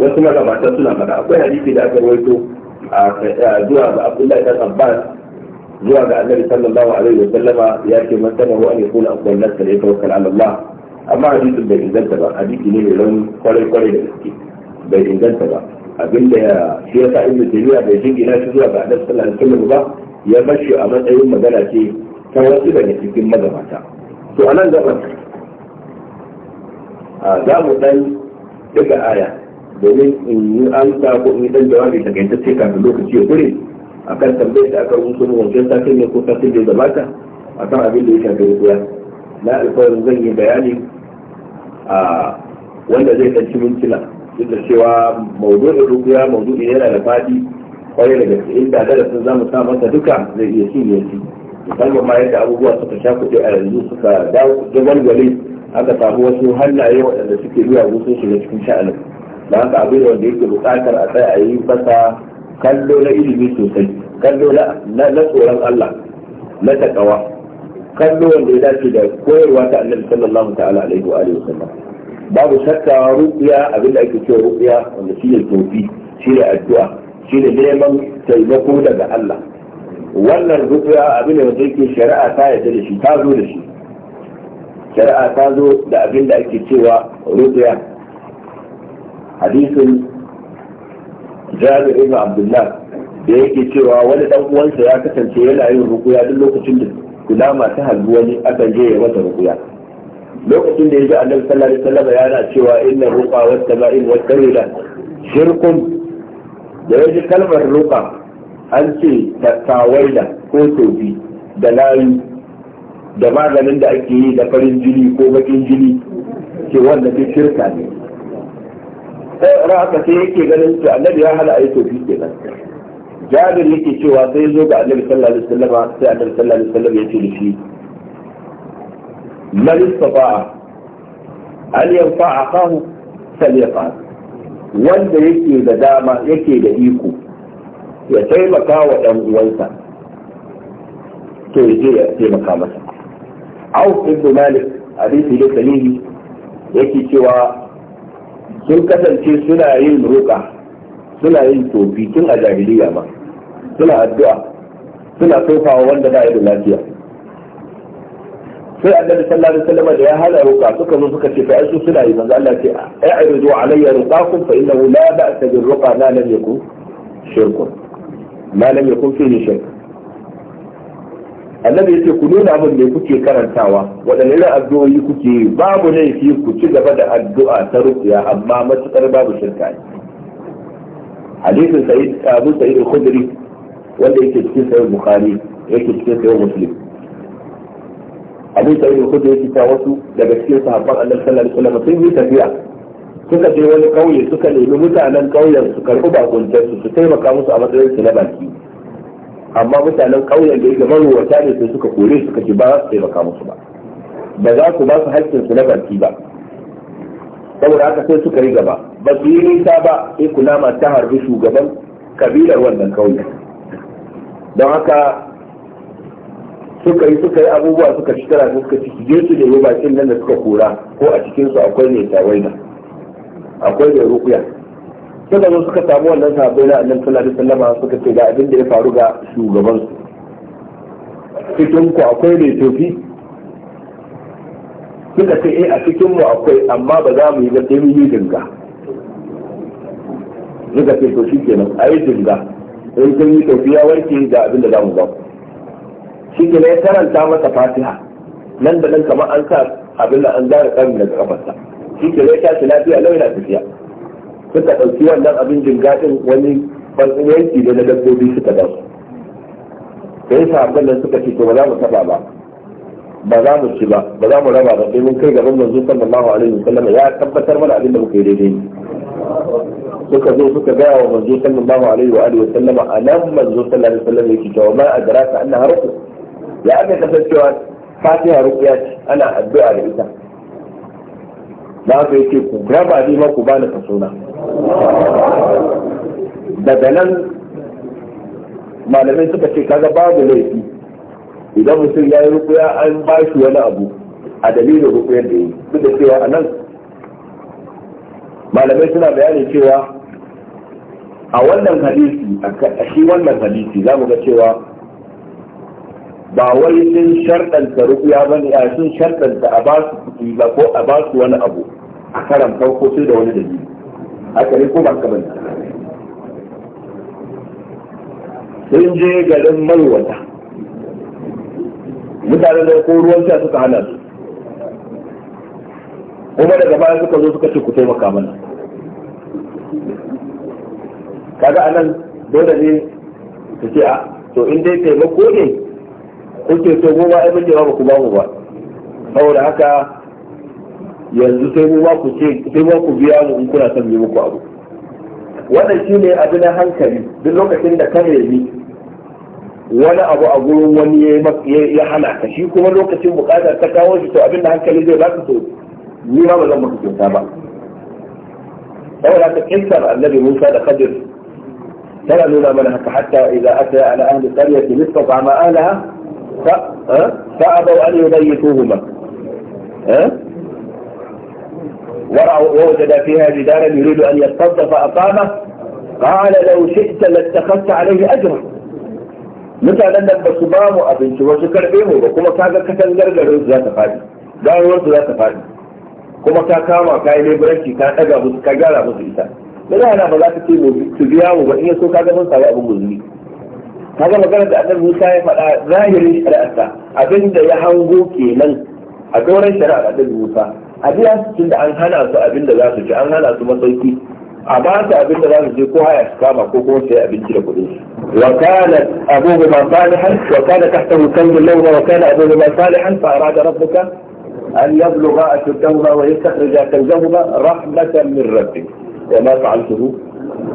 wasu magabata suna faɗa akwai hadisi da aka rawaito a zuwa ga Abdullahi dan Abbas zuwa ga annabi sallallahu alaihi wa sallama ya ce man hu an yakuna afdal nas fa yatawakkal ala Allah amma hadisin bai inganta ba hadithi ne mai rauni kwarai kwarai da gaske bai inganta ba abinda ya shi yasa ibnu tayyiba bai jingina shi zuwa ga annabi sallallahu alaihi wa sallam ba ya bashi a matsayin magana ce ta wasu daga cikin magabata to anan gaban za mu dan daga aya domin in yi amsa ko in yi dan jawabi takaitacce kafin lokaci ya gure akan tambayar da aka rubuta mu wancan satin ne ko satin da ya gabata akan abin da ya shafi rubuya na alfarin zan yi bayani a wanda zai ɗauki mintuna duk da cewa maudu'in rubuya maudu'in yana da faɗi kwarai da gaske inda darasin za mu sa masa duka zai iya shi ne shi musamman ma yadda abubuwa suka sha kuɗi a yanzu suka dawo gwale aka samu wasu hannaye waɗanda suke biya gusun shiga cikin sha'anin da haka abin da wanda yake buƙatar a tsaye a yi fasa kallo na ilimi sosai kallo na tsoron Allah na takawa kallo wanda ya dace da koyarwa ta annabi sallallahu ta'ala alaihi wa alihi wasallam babu shakka ruqiya abinda ake cewa ruqiya wanda shi ne tofi shi ne addu'a shi ne neman taimako daga Allah wannan ruqiya abin da yake shari'a ta yarda da shi ta zo da shi shari'a ta zo da abin da ake cewa ruqiya hadisin jabir ibn abdullah da yake cewa wani dan uwansa ya kasance yana yin rukuya duk lokacin da kulama ta halbu wani akan je ya mata rukuya lokacin da ya ji annabi sallallahu alaihi wasallam yana cewa inna ruqa wattaba'in wattawila shirkun da ya ji kalmar ruqa an ce tawaila ko tobi da layu da maganin da ake yi da farin jini ko bakin jini ke wanda ke shirka ne sai haka sai yake ganin to annabi ya hala ayi tofi kenan jabir yake cewa sai zo ga annabi sallallahu alaihi wasallam sai annabi sallallahu alaihi wasallam ya ce da shi man istafa an yanfa'a akahu falyafa'al wanda yake da dama yake da iko ya taimaka wa dan uwansa to yaje ya taimaka masa Auf ibn Malik hadisi da sahihi yake cewa sun kasance suna yin roƙa suna yin tofi tun a jahiliya ma suna addu'a suna tofawa wanda ba da lafiya sai annabi sallallahu alaihi wasallam da ya hana roƙa suka zo suka ce fa ai su suna yi manzo Allah ce a'ridu alayya ruqakum fa innahu la ba'sa bir ruqa ma lam yakun shirkun ma lam yakun fihi shirkun annabi yace ku nuna min me kuke karantawa waɗanne irin addu'o'i kuke babu fi ku ci gaba da addu'a ta ruqya amma matukar babu shirka ne hadisin sa'id abu sa'id al-khudri wanda yake cikin sahih bukhari yake cikin sahih muslim abu sa'id al-khudri yake ta wasu daga cikin sahabban annabi sallallahu alaihi wasallam sun yi tafiya suka je wani kauye suka nemi mutanen kauyen su karɓi bakuncin su taimaka musu a matsayin su na baki amma mutanen kauyen da yake marowata ne sai suka kore suka ce ba za su taimaka musu ba ba za su ba su haƙƙin na barci ba saboda haka sai suka yi gaba ba su yi nisa ba sai kunama ta harbi shugaban kabilar wannan ƙauyen don haka suka yi suka yi abubuwa suka ci tara suka ci su je su da bakin nan da suka kora ko a cikinsu akwai ne tawaina akwai da rukuya suka zo suka samu wannan sahabbai na annabi sallallahu alaihi wasallam suka ce ga abin da ya faru ga shugaban su cikin ku akwai mai tofi suka ce eh a cikin mu akwai amma ba za mu yi ba sai mu yi dinga suka ce to shikenan a yi dinga sai kun yi tofi ya warke ga abin da za mu ba ku shikenan ya karanta masa fatiha nan da nan kamar an sa abin da an zara karin daga kafarsa shikenan ya tashi lafiya lau na tafiya suka ɗauki wannan abin jin jingaɗin wani yanki da na dabbobi suka ba su sai sahabban nan suka ce to ba za mu taba ba ba za mu ci ba ba za mu raba ba sai mun kai gaban manzo sallallahu alaihi wasallam ya tabbatar mana abin da muka yi daidai suka zo suka gaya wa manzo sallallahu alaihi wa alihi wasallam a nan manzo sallallahu alaihi wasallam yake cewa ma adraka annaha ruku ya aka kasancewa fatiha ruku ya ce ana addu'a da ita da haka yake ku raba ni ma ku bani kasona daga nan malamai suka ce kaga babu laifi idan mutum ya yi rukuya an ba shi wani abu a dalilin rukuyar da yi duk da cewa a nan malamai suna bayanin cewa a wannan hadisi a shi wannan hadisi za mu ga cewa ba wai sun sharɗanta rukuya ba ne sun sharɗanta a ba su kuɗi ba ko a ba su wani abu a karan farko sai da wani dalili haka ne ko ba ka bane sun je garin maiwata mutane da ko ruwan sha suka hana su kuma daga baya suka zo suka ce ku taimaka mana kaga anan dole ne su ce a to in dai taimako ne kuke to mu ba ai mun ba ku ba mu ba saboda haka yanzu sai mu ba ku ce sai ba ku biya mu in kuna son mu muku abu wannan shine abu na hankali duk lokacin da kare nemi wani abu a gurin wani ya hana ka shi kuma lokacin bukata ta kawo shi to abin da hankali zai baka to ni ma ba zan maka kyauta ba saboda haka kissar annabi Musa da Khadir tana nuna mana haka hatta idza ata ala ahli qaryati mistata ma ahliha فأبوا أن يبيتوهما ووجد فيها جدارا يريد أن يتصد فأقامه قال لو شئت لاتخذت عليه أجرا mutanen nan ba su ba mu abinci wasu karbe mu ba kuma ka ga katangar su za ta faɗi gawar za ta faɗi kuma ka kama ka yi leburanci ka gyara musu ba za ta ce biya mu ba in so ka ga mun samu abin kaga magana da annabi Musa ya faɗa zahirin shari'arsa abinda ya hango kenan a doron shari'ar annabi Musa a biya su tun da an hana su abinda za su ci an hana su masauki a ba su abinda za su je ko haya su kama ko kuma yi abinci da kuɗin su wa kana abubu ma salihan wa kana tahtahu kalbun lawma wa kana abubu ma salihan fa arada rabbuka an yablugha ashuddahuma wa yastakhrija kanzahuma rahmatan min rabbik wa ma fa'altuhu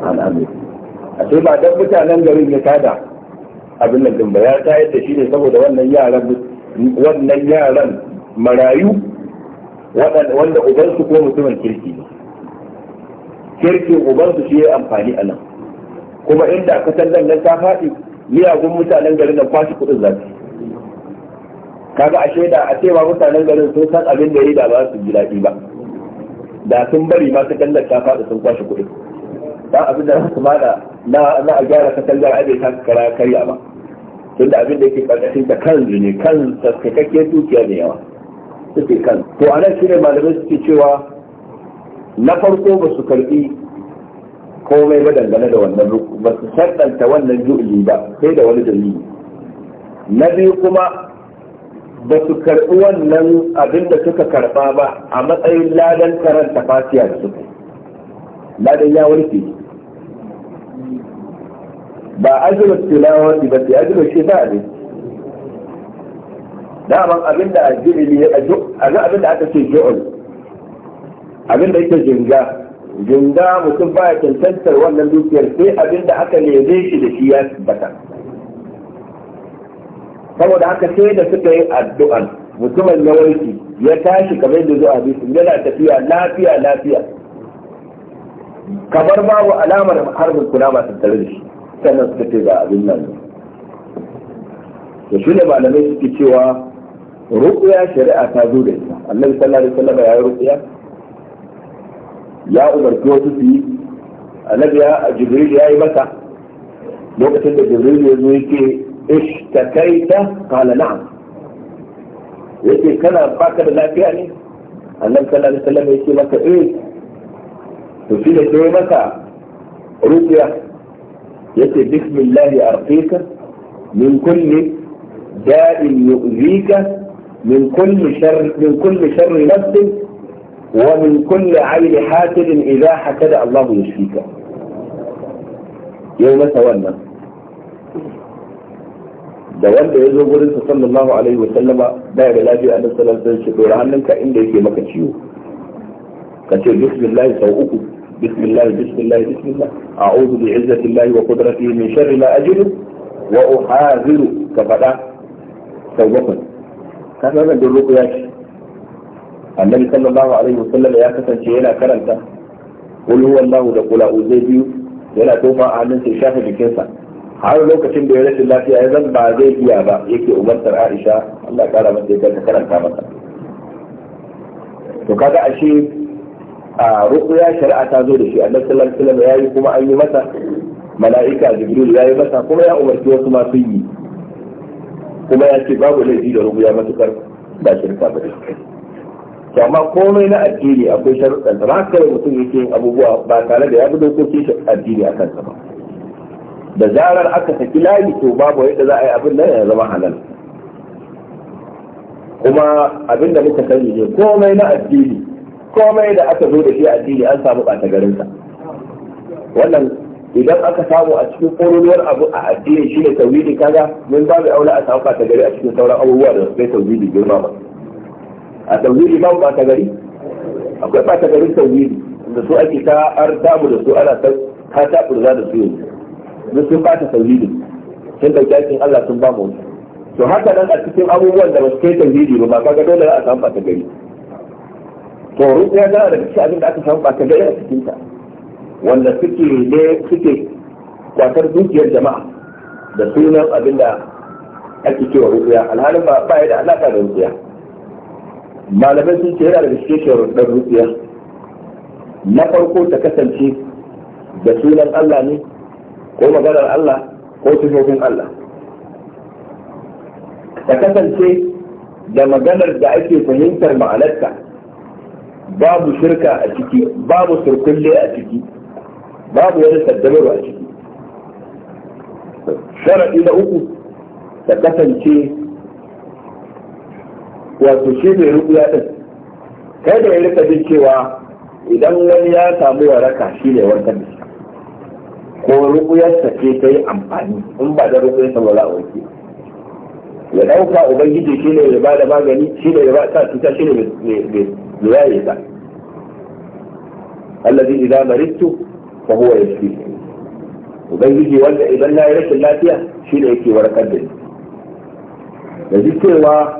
an amri a sai ba dan mutanen garin ya tada abin nan din ba ya ta yadda shi ne saboda wannan yaran wannan yaran marayu wanda ubansu ko mutumin kirki ne Kirki ubansu shi ya amfani a nan kuma inda aka san nan ta faɗi miyagun mutanen garin nan kwashi kuɗin zafi kaga a shaida a cewa mutanen garin sun san abin da ya da ba su ji daɗi ba da sun bari ma su kallon ta faɗi sun kwashi kuɗin dan abin da za su mana na na a gyara katangar ajiye ta kara karya ba tunda abin da yake karkashin ta kan ne kan tsakakakken dukiya ne yawa suke kan to a nan shine malamai suke cewa na farko ba su karbi komai ba dangane da wannan ruku ba su sarɗanta wannan ju'li ba sai da wani dalili na biyu kuma ba su karbi wannan abin da suka karba ba a matsayin ladan karanta fatiya da suka ladan ya fiye ba ajiyar tilawa ba sai ajiyar shi ba ne daman abinda ajiyar a ajiyar abinda aka ce jo'ol abinda yake jinga jinga mutum ya cancantar wannan dukiyar sai abinda aka neme shi da shi ya tabbata saboda haka sai da suka yi addu'an mutumin ya warki ya tashi kamar da zuwa bisu yana tafiya lafiya lafiya kamar babu alamar harbin kula masu tare da shi sannan suka ce ga abin nan da shi ne malamai suke cewa rukuya shari'a ta zo da ita annabi sallallahu alaihi wasallam ya yi rukuya ya umarci wasu su yi annabi ya jibril ya yi mata lokacin da jibril ya zo yake ishtakaita kala na'am yake kana baka da lafiya ne annabi sallallahu alaihi wasallam ce maka eh to shi ne yi maka rukuya yace bismillahi arqika min kulli da'in yu'zika من كل شر من كل شر نفس ومن كل عين حاسد إذا حسد الله يشفيك يوم تولى da wanda ya zo gurin sa sallallahu alaihi wa sallama da ya lafiya annabi sallallahu alaihi wa sallam shi dora hannunka inda yake maka ciwo ka ce bismillah sau uku بسم الله بسم الله بسم الله أعوذ بعزة الله وقدرته من شر ما أجده وأحاذر كفدا توبة كان النبي صلى الله عليه وسلم يا كسن شيئنا قل هو الله da kula biyu yana tofa a hannunsa ya shafa jikinsa har lokacin da ya rashin lafiya ya zan ba zai biya ba yake umartar Aisha Allah ya kara masa ya karanta masa to kaga ashe a ruqya shari'a ta zo da shi a sallallahu alaihi ya yi kuma an yi masa mala'ika jibril ya yi masa kuma ya umarci wasu masu yi kuma ya ce babu laifi da ruqya matukar ba shirka ba to amma komai na addini akwai sharuɗan ba haka mutum yake yin abubuwa ba tare da ya bi dokokin addini a kansa ba da zarar aka saki layi to babu yadda za a yi abin nan ya zama halal kuma abin da muka sani ne komai na addini komai da aka zo da shi addini an samu ɓata garinsa wannan idan aka samu a cikin ƙololuwar abu a addini shi ne tauhidi kaga mun ba mu aula a samu ɓata gari a cikin sauran abubuwa da sai tauhidi girma ba a tauhidi babu ɓata gari akwai ɓata garin tauhidi da su ake ta an samu da su ana ta ta ta da su yanzu Mun sun ɓata tauhidi sun ɗauki aikin Allah sun ba mu to haka nan a cikin abubuwan da ba su kai tauhidi ba ba kaga dole a samu ɓata gari to ya gana da cikin abin da aka samu ba ta gari a cikin ta wanda suke ne suke kwatar dukiyar jama'a da sunan abin da ake cewa rukiya alhalin ba ba ya da alaƙa da rukiya malamai sun ce yana da cikin da rukiya na farko ta kasance da sunan Allah ne ko maganar Allah ko tufofin Allah ta kasance da maganar da ake fahimtar ma'anarta babu shirka a ciki babu surkulle a ciki babu wani ba a ciki sharaɗi na uku ta kasance wato shi mai rubuya ɗin kai da ya rika jin cewa idan wani ya samu waraka shi ne wata da shi ko ya sake ta yi amfani in ba da rubuyarsa ba za a warke ya ɗauka ubangiji shi ne ya ba da magani shi ne ya ba ta cuta shi ne mai ya yi ta alladhi idza maridtu fa huwa yashfi ubangiji wanda idan na yi rashin lafiya shi ne yake warkar da ni da ji cewa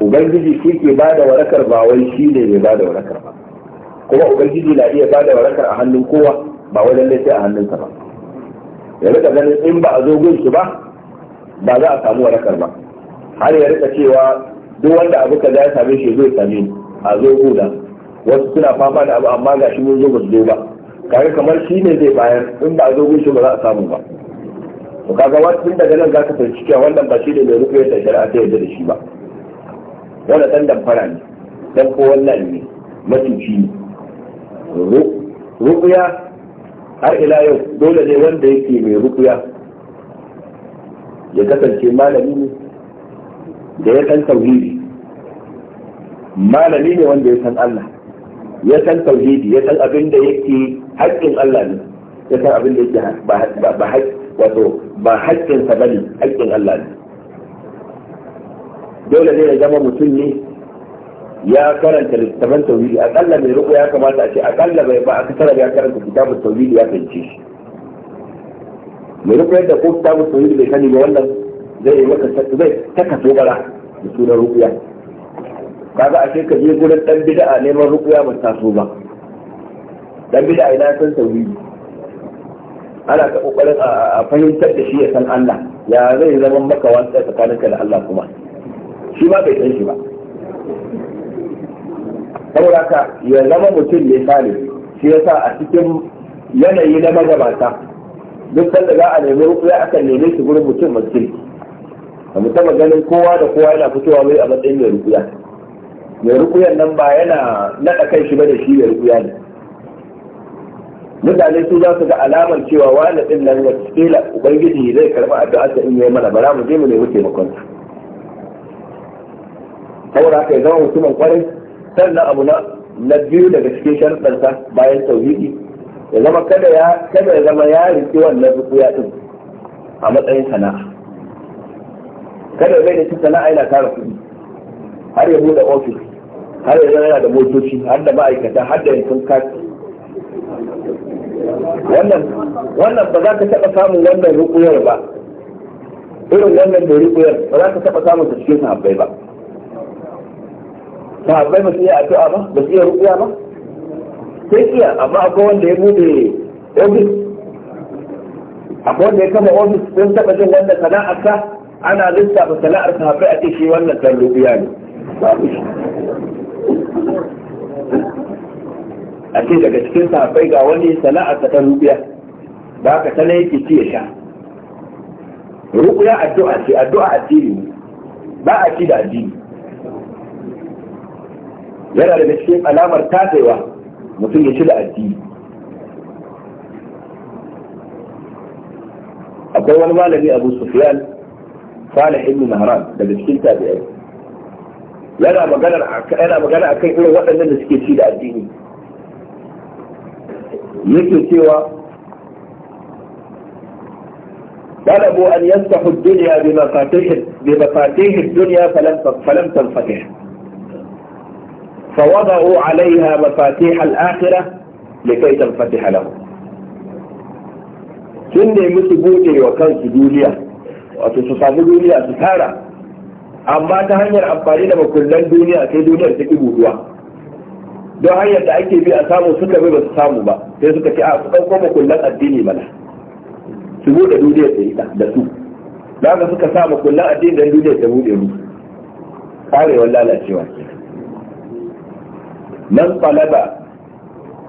ubangiji shi ke bada da warakar ba wai shi mai bada da warakar ba kuma ubangiji na iya bada da warakar a hannun kowa ba wai lallai sai a hannunsa ba ya rika ganin in ba a zo gun shi ba ba za a samu warakar ba har ya rika cewa duk wanda abu ka ya same shi zai same ni a zo hula wasu suna fama da abu amma ga shi mun zo ba su zo ba kaga kamar shi ne zai bayar in ba a zo gunshi ba za a samu ba to kaga tun daga nan za ka fahimci cewa wannan ba shi ne mai rufe da shari'a ta yadda da shi ba wanda dan damfara ne dan ko wannan ne matuci ne rukuya har ila yau dole ne wanda yake mai rukuya ya kasance malami ne da ya san tauhidi malami ne wanda ya san Allah ya san tauhidi ya san abin da yake haƙƙin Allah ne ya san abin da yake ba ba wato ba haƙƙin sa bane haƙƙin Allah ne dole ne ya zama mutum ne ya karanta littafan tauhidi akalla mai ruku ya kamata a ce akalla bai ba aka tara ya karanta kitabun tauhidi ya fahimce shi mai ruku yadda ko kitabun tauhidi bai sani ba wannan zai yi maka zai ta kaso gara da sunan rukuya kaga ashe ka je gurin dan bid'a neman rukuya ba taso ba dan bid'a ina san tauhidi ana ta kokarin a fahimtar da shi ya san Allah ya zai zama maka wasu tsakaninka da Allah kuma shi ma bai san shi ba saboda ka ya zama mutum ne sale shi yasa a cikin yanayi na magabata duk sanda za a nemi rukuya akan neme shi gurin mutum mai kirki da mutum ganin kowa da kowa yana fitowa mai a matsayin mai rukuya mai rukuyan nan ba yana naɗa kai shi ba da shi mai rukuya ne mutane su za su ga alamar cewa wani ɗin nan ya tsela ubangiji zai karɓi addu'a ta in yi mana bara mu je mu nemi taimakon su saboda haka ya zama mutumin kwarai sannan abu na biyu daga cikin sharuɗansa bayan tauhidi ya zama kada ya kada ya zama ya riƙe wannan rukuya ɗin a matsayin sana'a kada ya bai da shi sana'a yana tara kuɗi har ya buɗe ofis har yanzu yana da motoci har da ma'aikata har da yankin kati wannan wannan ba za ka taɓa samun wannan rukuyar ba irin wannan da rukuyar ba za ka taɓa samun ta cikin sahabbai ba sahabbai ba su iya addu'a ba ba su iya rukuya ba sai iya amma akwai wanda ya bude ofis akwai wanda ya kama ofis sun taɓa jin wannan sana'ar ka ana lissafa sana'ar sahabbai a ce shi wannan kan rukuya ne babu shi a ce daga cikin safa'i ga wani sana'a ta rubiya ba ka ta yake ci ya sha rubiya addu'a ce addu'a addini ba a ci da addini yana daga cikin alamar tasewa mutum ya ci da addini akwai wani malami abu sufyan salih ibn nahran daga cikin tabi'ai yana magana akan irin waɗannan da suke ci da addini yake cewa طلبوا أن يفتحوا الدنيا بمفاتيح بمفاتيح الدنيا فلم فلم تنفتح فوضعوا عليها مفاتيح الآخرة لكي تنفتح لهم sun nemi su buɗe wa kansu duniya wato su samu duniya su tara amma ta hanyar amfani da makullan duniya sai duniyar ta ki buduwa don hanyar da ake bi a samu suka bi ba su samu ba sai suka ce a su ɗauko makullan addini mana su buɗe duniyar da ita da su za ka suka sa makullan addini da duniyar ta buɗe mu karewar lalacewa ke man talaba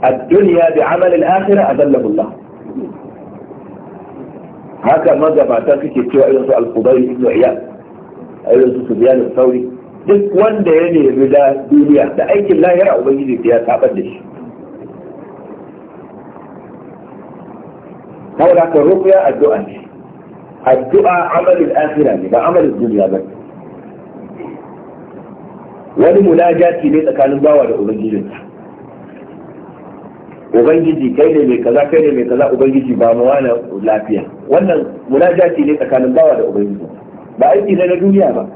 الدنيا amalin الآخرة a الله haka magabata suke cewa irin su alkubai ibn iyad irin su su biya al-sauri duk wanda ya nemi da duniya da aikin lahira ubangiji ya tabar da shi saboda ka rukuya addu'a ne addu'a amalin akhira ne ba amalin duniya ba wani munajati ne tsakanin bawa da ubangijinsa ubangiji kai ne mai kaza kai ne mai kaza ubangiji ba mu wani lafiya wannan munajati ne tsakanin bawa da ubangiji ba aiki ne na duniya ba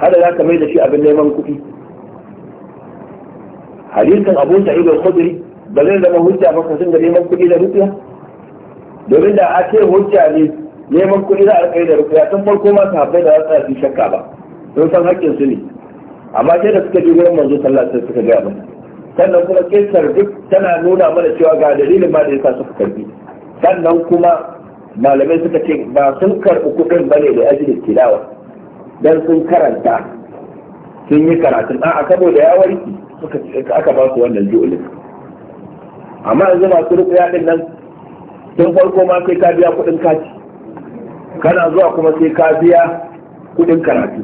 hada za ka mai da shi abin neman kuɗi hadisin abu sa'id al-khudri ba zai zama hujja ba ka sun da neman kuɗi da rufiya domin da ake hujja ne neman kuɗi za a kai da rufiya tun farko ma sahabbai da za su shakka ba sun san haƙƙin su ne amma sai da suka je wurin manzo sallallahu alaihi wasallam suka gaya masa sannan kuma kissar duk tana nuna mana cewa ga dalilin ma da yasa suka karbi sannan kuma malamai suka ce ba sun karɓi kuɗin ba ne da ajiyar tilawa dan sun karanta sun yi karatun a'a saboda ya warki aka ba su wannan jolin amma yanzu masu rukuya din nan tun farko ma sai ka biya kuɗin kati kana zuwa kuma sai ka biya kuɗin karatu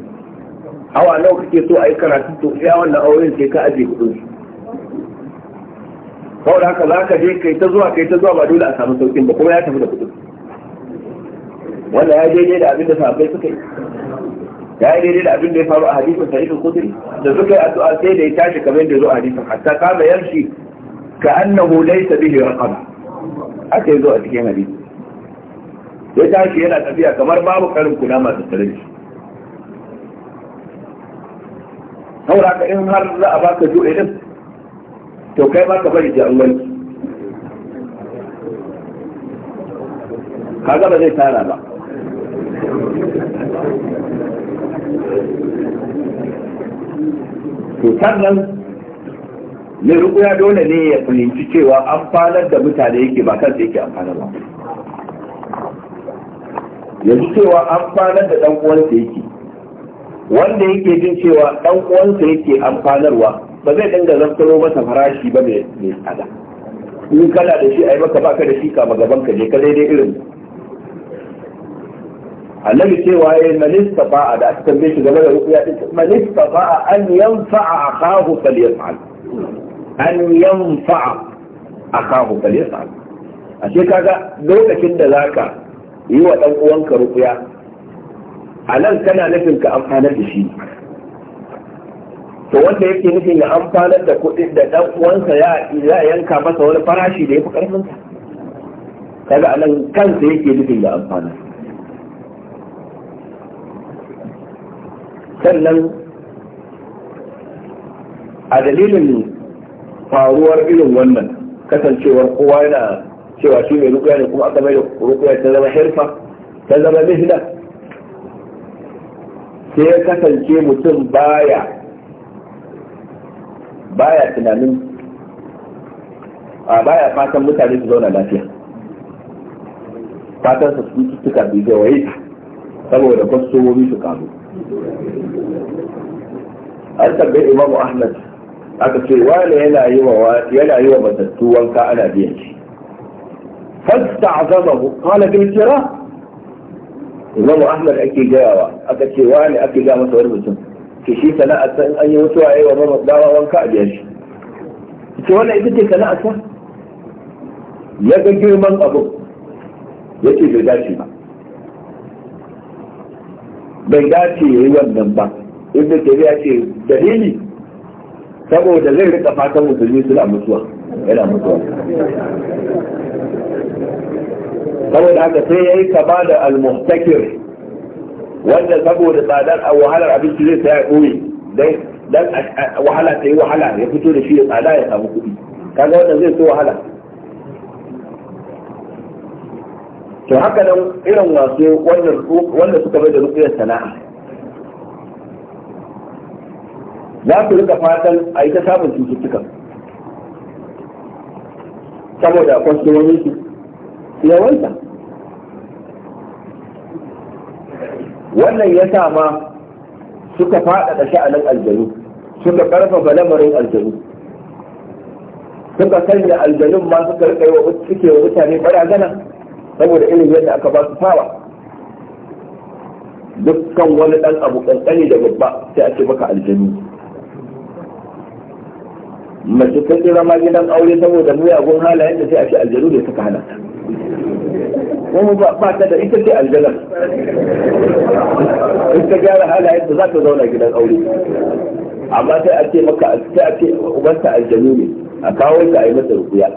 awa nawa kake so a yi karatu to iya wannan auren sai ka ajiye kudin su saboda haka za ka je kai ta zuwa kai ta zuwa ba dole a samu saukin ba kuma ya tafi da kuɗin wanda ya daidai da abin da sahabbai suka yi ya yi daidai da abin da ya faru a hadisin sa'id al-khudri da suka yi addu'a sai da ya tashi kamar yadda zo a hadisin hatta kama yarshi ka annahu laysa bihi raqam aka yi zo a cikin hadisi ya tashi yana tafiya kamar babu karin kuna masu tare da shi saboda ka in har za a baka juɗe din to kai ma ka bari jami'ai kaga ba zai tara ba to sannan mai rukuya dole ne ya fahimci cewa amfanar da mutane yake ba kansa yake amfana ba yanzu cewa amfanar da dan uwansa yake wanda yake jin cewa dan uwansa yake amfanarwa ba zai dinga zartaro masa farashi ba mai tsada in kana da shi a yi maka baka da shi kama gaban ka je ka daidai irin annabi cewa ya manista ba'a da aka tambaye shi game da rukuya din manista ba'a an yanfa'a akahu falyaf'al an yanfa'a akahu falyaf'al ashe kaga lokacin da za ka yi wa dan uwanka rukuya a nan kana nufin ka amfanar da shi to wanda yake nufin ya amfanar da kuɗin da dan uwansa ya ya yanka masa wani farashi da ya fi ƙarfinsa? sa kaga a nan kansa yake nufin ya amfanar sannan a dalilin faruwar irin wannan kasancewar kowa yana cewa shi mai rukuya ne kuma aka mai rukuya ta zama hirfa ta zama mihna sai ya kasance mutum baya baya tunanin a baya fatan mutane su zauna lafiya fatan su cututtuka bai waye saboda kwastomomi su kamu an tambayi imam ahmad aka ce wani yana yi wa yana yi wa matattu wanka ana biyan shi fasta'zamahu qala bil kira imam ahmad ake gayawa aka ce wani ake ga masa wani mutum ke shi sana'a san an yi mutuwa yayi wa mamadawa wanka a biyan shi ce wannan ita ce sana'a sa ya ga girman abu ce bai dace ba bai dace ya yi wannan ba ke tabi'a ce dalili saboda zai rika fatan musulmi suna mutuwa yana mutuwa saboda haka sai ya yayi kama da al wanda saboda tsadar a wahalar abinci zai saya koyi dan dan wahala ta yi wahala ya fito da shi ya tsada ya samu kuɗi kaga wannan zai so wahala to haka nan irin wasu wanda suka bai da rukuyar sana'a za ku rika fatan a yi ta samun cututtukan saboda kwastomomin su yawanta wannan ya sa ma suka faɗaɗa sha'anin aljanu suka ƙarfafa lamarin aljanu suka sanya aljanun ma suka rika yi wa suke wa mutane barazana saboda irin yadda aka ba su fawa dukkan wani ɗan abu ƙanƙani da babba sai a ce maka aljanu mace ta kira ma gidan aure saboda muyagun halayen da sai a ce aljanu da suka hana kuma ba ta da ita ce aljanar in ta gyara halayen yadda za ta zauna gidan aure amma sai a ce maka sai a ce ubanta aljanu ne a kawo ta a yi masa rukuya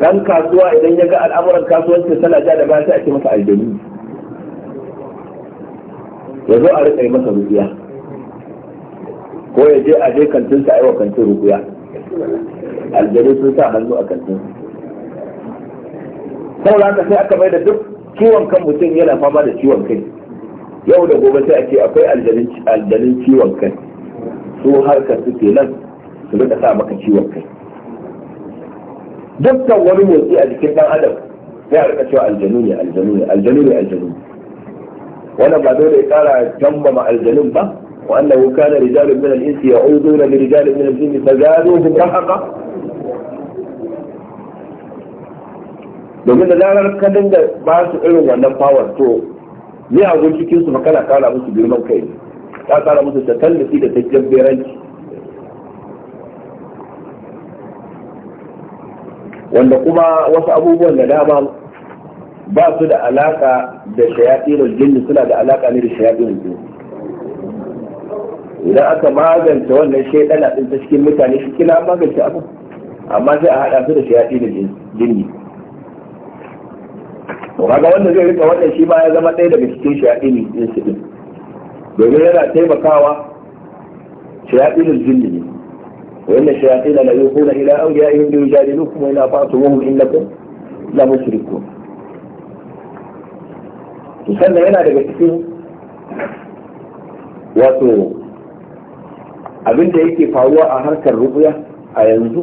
dan kasuwa idan ya ga al'amuran kasuwanci tana ja da ba sai a ce maka aljanu ya zo a rika yi masa rukuya ko ya je a je kantin sa aiwa kantin rukuya aljanu sun sa hannu a kantin sau haka sai aka mai da duk ciwon kan mutum yana fama da ciwon kai yau da gobe sai a ce akwai aljanun ciwon kai su harkar su ke nan su rika sa maka ciwon kai dukkan wani motsi a jikin dan adam sai a rika cewa aljanu ne aljanu ne aljanu ne aljanu wannan ba dole ya kara tambama aljanun ba وأنه كان رجال من الإنس يعوذون برجال من الجن فزادوهم رهقا domin da zarar ka dinga ba su irin wannan power to ni a gun cikin su kana kara musu girman kai ta kara musu ta tallafi da ta jabberanci wanda kuma wasu abubuwan da dama ba su da alaka da shayatin jinni suna da alaka ne da shayatin jinni idan aka magance wannan shaidan a ta cikin mutane shi kila an magance abu amma sai a haɗa su da shayaɗi da jinni to kaga wanda zai rika wannan shi ma ya zama ɗaya daga cikin shayaɗi ne da su ɗin domin yana taimakawa shayaɗi da jinni ne وإن الشياطين لا يوحون إلى أوليائهم ليجادلوكم وإن أطعتموهم إنكم لمشركون sannan yana daga cikin wato abin da yake faruwa a harkar rubuya a yanzu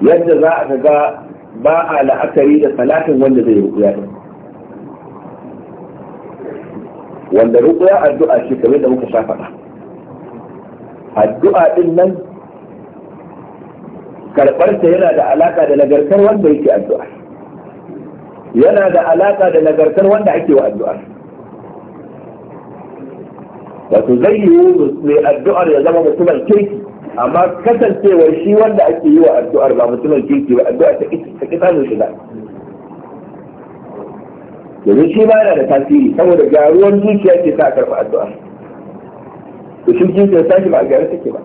yadda za a ga ba a la'akari da talatin wanda zai rubuya din wanda rubuya addu'a shi kamar da muka sha faɗa addu'a din nan karɓarta yana da alaƙa da nagartar wanda yake addu'a yana da alaƙa da nagartar wanda ake wa addu'a. wato zai yiwu mai addu'ar ya zama mutumin kirki amma kasancewar shi wanda ake yi wa addu'ar ba mutumin kirki ba addu'a ta kisa ne shiga domin shi ba yana da tasiri saboda gyaruwar zuciya ke sa a karɓi addu'a to shi zuciya sashi ba a gyaru take ba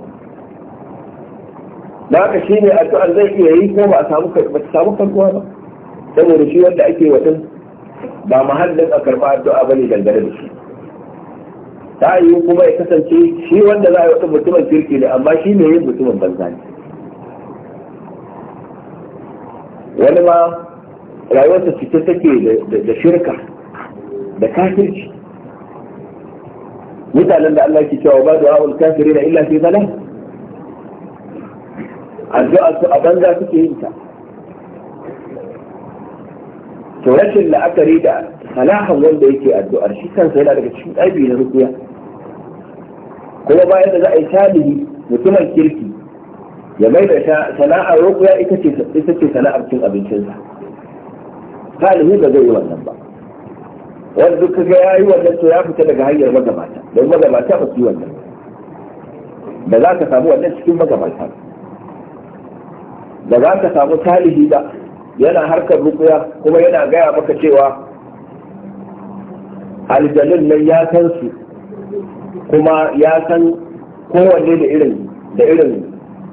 da haka shi ne addu'ar zai iya yi ko ba a samu karɓuwa ba saboda shi wanda ake wa ba mahallin a karɓa addu'a ba ne dangane da shi ta yi kuma ya kasance shi wanda za a yi wata mutumin kirki ne amma shi ne yin mutumin banza ne wani ma rayuwarsa cike take da shirka da kafirci mutanen da Allah ke cewa ba da wa'ul kafiri na illa fi zalal addu'a su a banza suke yin ta to rashin la'akari da salahan wanda yake addu'ar shi kansa yana daga cikin ɗabi na rukuya kuma bayan da za a yi talibi mutumin kirki ya mai da sana'ar rukuya ita ce sana'ar cin abincinsa talibi ba zai yi wannan ba wanda duk ga ya yi wannan to ya fita daga hanyar magabata don magabata ba su yi wannan ba za ka samu wannan cikin magabata ba za ka samu talibi ba yana harkar rukuya kuma yana gaya maka cewa aljanun nan ya san su kuma ya san kowanne da irin da irin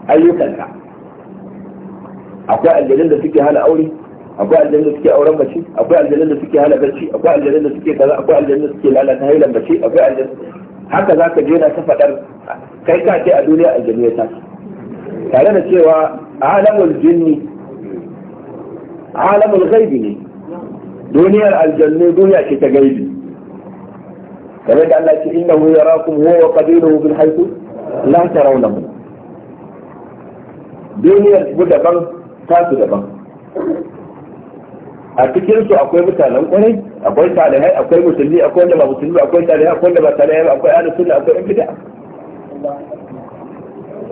ayyukanka akwai aljanun da suke hana aure akwai aljanun da suke auren mace akwai aljanun da suke hana barci akwai aljanun da suke kaza akwai aljanun da suke lalata hailan mace akwai aljanun haka za ka na ta faɗar kai ka ce a duniya aljanu ya tashi tare da cewa alamul jinni alamul gaibi ne duniyar aljannu duniya ce ta gaibi kamar da Allah ce innahu yarakum huwa wa qabiluhu bil ta rauna tarawnahum duniyar su daban ta su daban a cikin su akwai mutanen kwarai akwai salihai akwai musulmi akwai wanda ba musulmi akwai salihai akwai wanda ba salihai akwai ahlus sunna akwai bid'a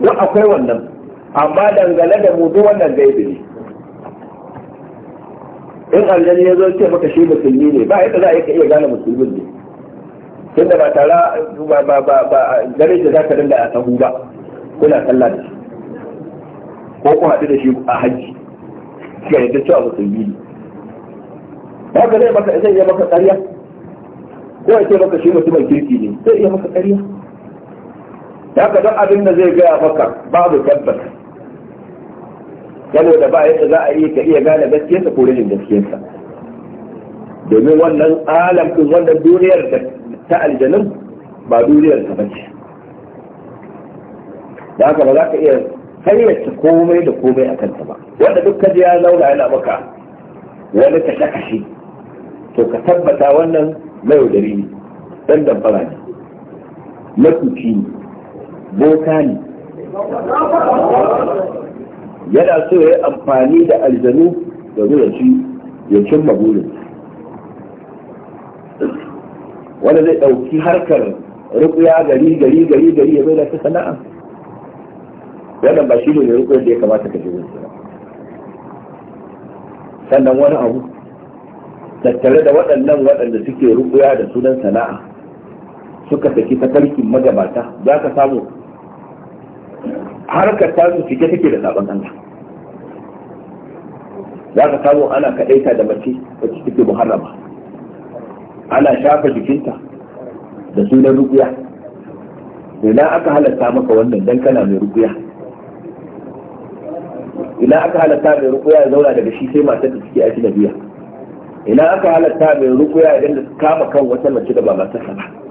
wa akwai wannan amma dangane da mu duk wannan gaibi ne in aljani ya zo ce maka shi musulmi ne ba yadda za a iya gane musulmin ne tunda ba tara ba ba ba ba gare da zaka dinga a sahu ba kuna sallah da shi ko ku haɗu da shi a hajji ga yadda cewa musulmi ne ba ka zai maka zai iya maka ƙarya ko ya ce maka shi mutumin kirki ne zai iya maka ƙarya haka don abin da zai gaya maka babu tabbata yana da ba yadda za a yi ka iya gane gaskiyarsa ko rashin gaskiyarsa domin wannan alam din wannan duniyar da ta aljanun ba duniyar ta bace da haka ba za ka iya hayyace komai da komai a kanta ba wanda duk ka ya zauna yana maka wani shaka shi to ka tabbata wannan mai yaudari ne dan damfara ne matuki ne boka ne yana so ya yi amfani da aljanu da zuwa shi ya cimma burin wanda zai ɗauki harkar rukuya gari gari gari gari ya zai da ta sana'a wannan ba shi ne mai rukuyar da ya kamata ka jirin su sannan wani abu tattare da waɗannan waɗanda suke rukuya da sunan sana'a suka saki tafarkin magabata za ka samu harkar ta su cike take da sabon Allah za ka samu ana kaɗaita da mace wacce take muharrama ana shafa jikinta da sunan rukuya ina aka halatta maka wannan dan kana mai rukuya ina aka halatta mai rukuya ya zauna daga shi sai matar da suke aji biya ina aka halatta mai rukuya idan da kama kan wata mace da ba matarsa ba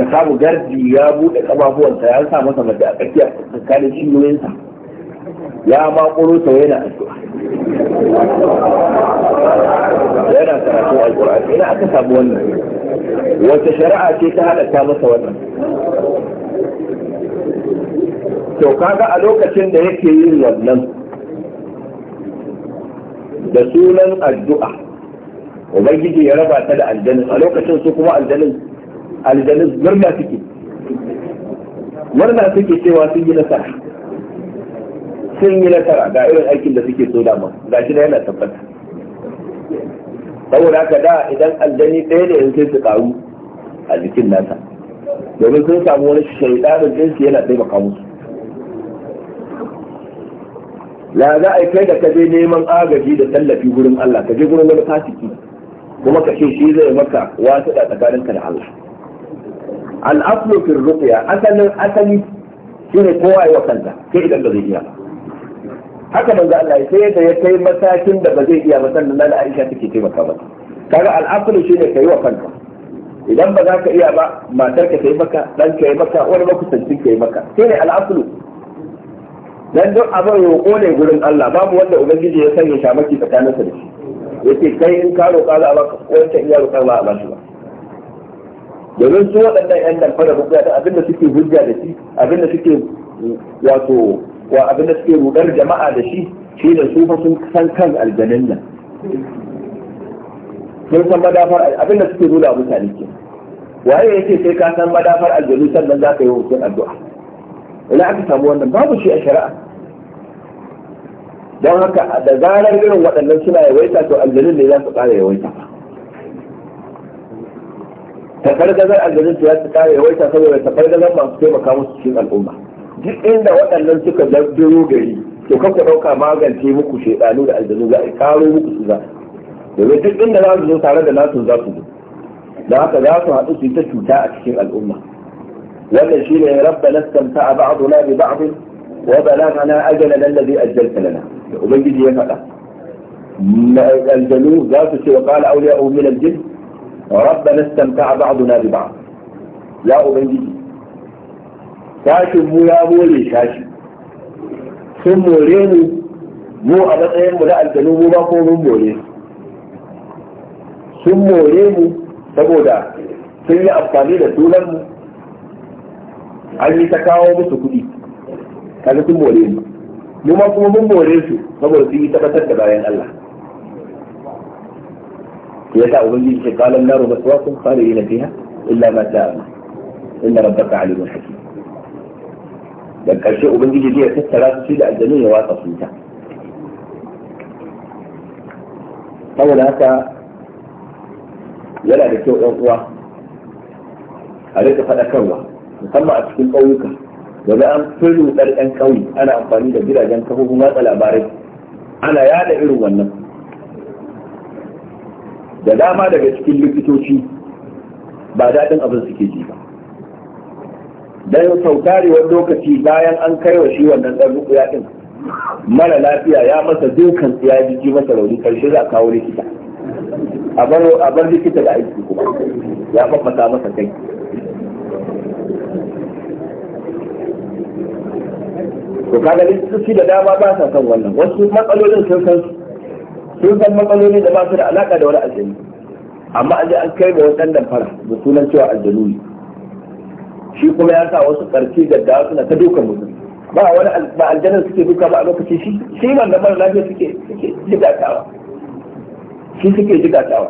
ka samu gardi ya buɗe ƙafafuwansa ya sa masa mace a tsakiya tsakanin cinyoyinsa ya makuro ta yana addu'a yana karatu alƙur'ani ina aka samu wannan wata shari'a ce ta halatta masa wannan to kaga a lokacin da yake yin wannan da sunan addu'a ubangiji ya raba ta da aljanin a lokacin su kuma aljanin aljanu murna suke murna suke cewa sun yi nasara sun yi nasara ga irin aikin da suke so dama ga shi da yana tabbata saboda haka da idan aljani ɗaya ne yanzu su karu a jikin nasa domin sun samu wani shaidanin jinsi yana taimaka musu la za a kai da kaje neman agaji da tallafi gurin Allah kaje gurin wani fasiki kuma ka ce shi zai maka wasu da tsakaninka da Allah Al'aflu, fi ruqya asalin asali shine kowa ya kanta sai idan ba zai iya haka manzo Allah ya sai da ya kai matakin da ba zai iya ba sannan da Aisha take taimaka ba kaga al'aslu shine kai wa kanta, idan ba za ka iya ba matar ka yi maka dan ka yi maka wani makusancin ka yi maka sai ne dan duk abin roƙo ne gurin Allah babu wanda ubangiji ya sanya shamaki tsakaninsa da shi yace kai in ka roƙa za a baka wancan iya roƙa ba a ba shi ba domin su waɗannan yan nan fara hujja da abinda suke hujja da shi abinda suke wato wa abinda suke rudar jama'a da shi shi shine su fa sun san kan aljanin nan sun san madafar abinda suke nuna mutane ke waye yake sai ka san madafar aljanu sannan za ka yi hutun addu'a ina aka samu wannan babu shi a shari'a don haka da zarar irin waɗannan suna yawaita to aljanun ne za su ƙara yawaita takargazar aljazinta ya ta kare yawaita saboda takargazar masu taimaka musu cikin al'umma duk inda waɗannan suka dabbiro gari to kan ɗauka magance muku shaidanu da aljanu za a karo muku su za domin duk inda za su zo tare da nasu za su zo da haka za su haɗu su yi ta cuta a cikin al'umma wannan shi ne rabba naskanta a ba'adu na bi ba'adu wa balaga na ajala nan da zai ajalta lana da ubangiji ya faɗa aljanu za su ce wa ƙala auliya umilal jin ربنا استمتع بعضنا ببعض ya ubangiji tashin mu ya more tashi sun more mu mu a matsayin na aljanu mu ba ko mun more sun more mu saboda sun yi amfani da sunan mu an yi ta kawo musu kuɗi sun more mu ma kuma mun more su saboda sun yi da bayan Allah yasa ubangiji ce qalan naru maswaakum khalidina fiha illa ma sha'a inna rabbaka alimun hakim da karshe ubangiji zai tattara su da aljanu ya watsa su ta saboda haka yana da kyau ɗan uwa a rika faɗakarwa musamman a cikin ƙauyuka domin an fi rudar ɗan ƙauye ana amfani da gidajen kafofin watsa labarai ana yada irin wannan da dama daga cikin likitoci ba daɗin abin suke ji ba dan saukarewar lokaci bayan an kai wa shi wannan ɗan rukun yaƙin mara lafiya ya masa dukan ya ji masa rauni karshe za a kawo likita a bar likita da aiki kuma ya fafata masa kai to kaga likitoci da dama ba sa son wannan wasu matsalolin sun san su sun san matsaloli da ba su da alaka da wani aljanu amma an je an kai ga wani fara da sunan cewa aljanu ne shi kuma ya sa wasu ƙarfi da dawa suna ta dukan mutum ba wani ba aljanar suke duka ba a lokaci shi shi wannan mara lafiya suke suke jigatawa shi suke jigatawa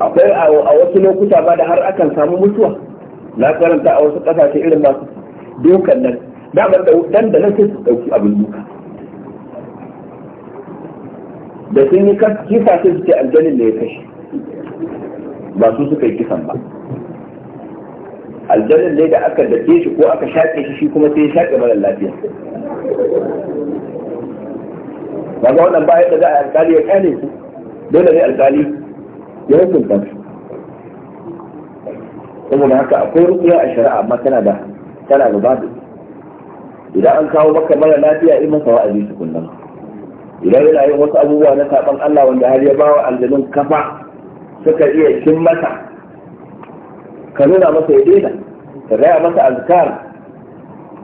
akwai a wasu lokuta ba da har akan samu mutuwa na karanta a wasu ƙasashe irin masu dukan nan damar da dan da nan sai su ɗauki abin duka da sun yi kisa su ce aljanin da ya kashe ba su suka yi kisan ba aljanin ne da aka dace shi ko aka shaƙe shi shi kuma sai ya shaƙe mara lafiya ba ga wannan ba yadda za a alkali ya kane su dole ne alkali ya hukunta su kuma da haka akwai rukuya a shari'a amma tana da tana da babu idan an kawo maka mara lafiya in masa wa'azi su kullum idan yana yin wasu abubuwa na saban Allah wanda har ya bawa aljanun kafa suka iya cin masa ka nuna masa ya daina ka gaya masa azkar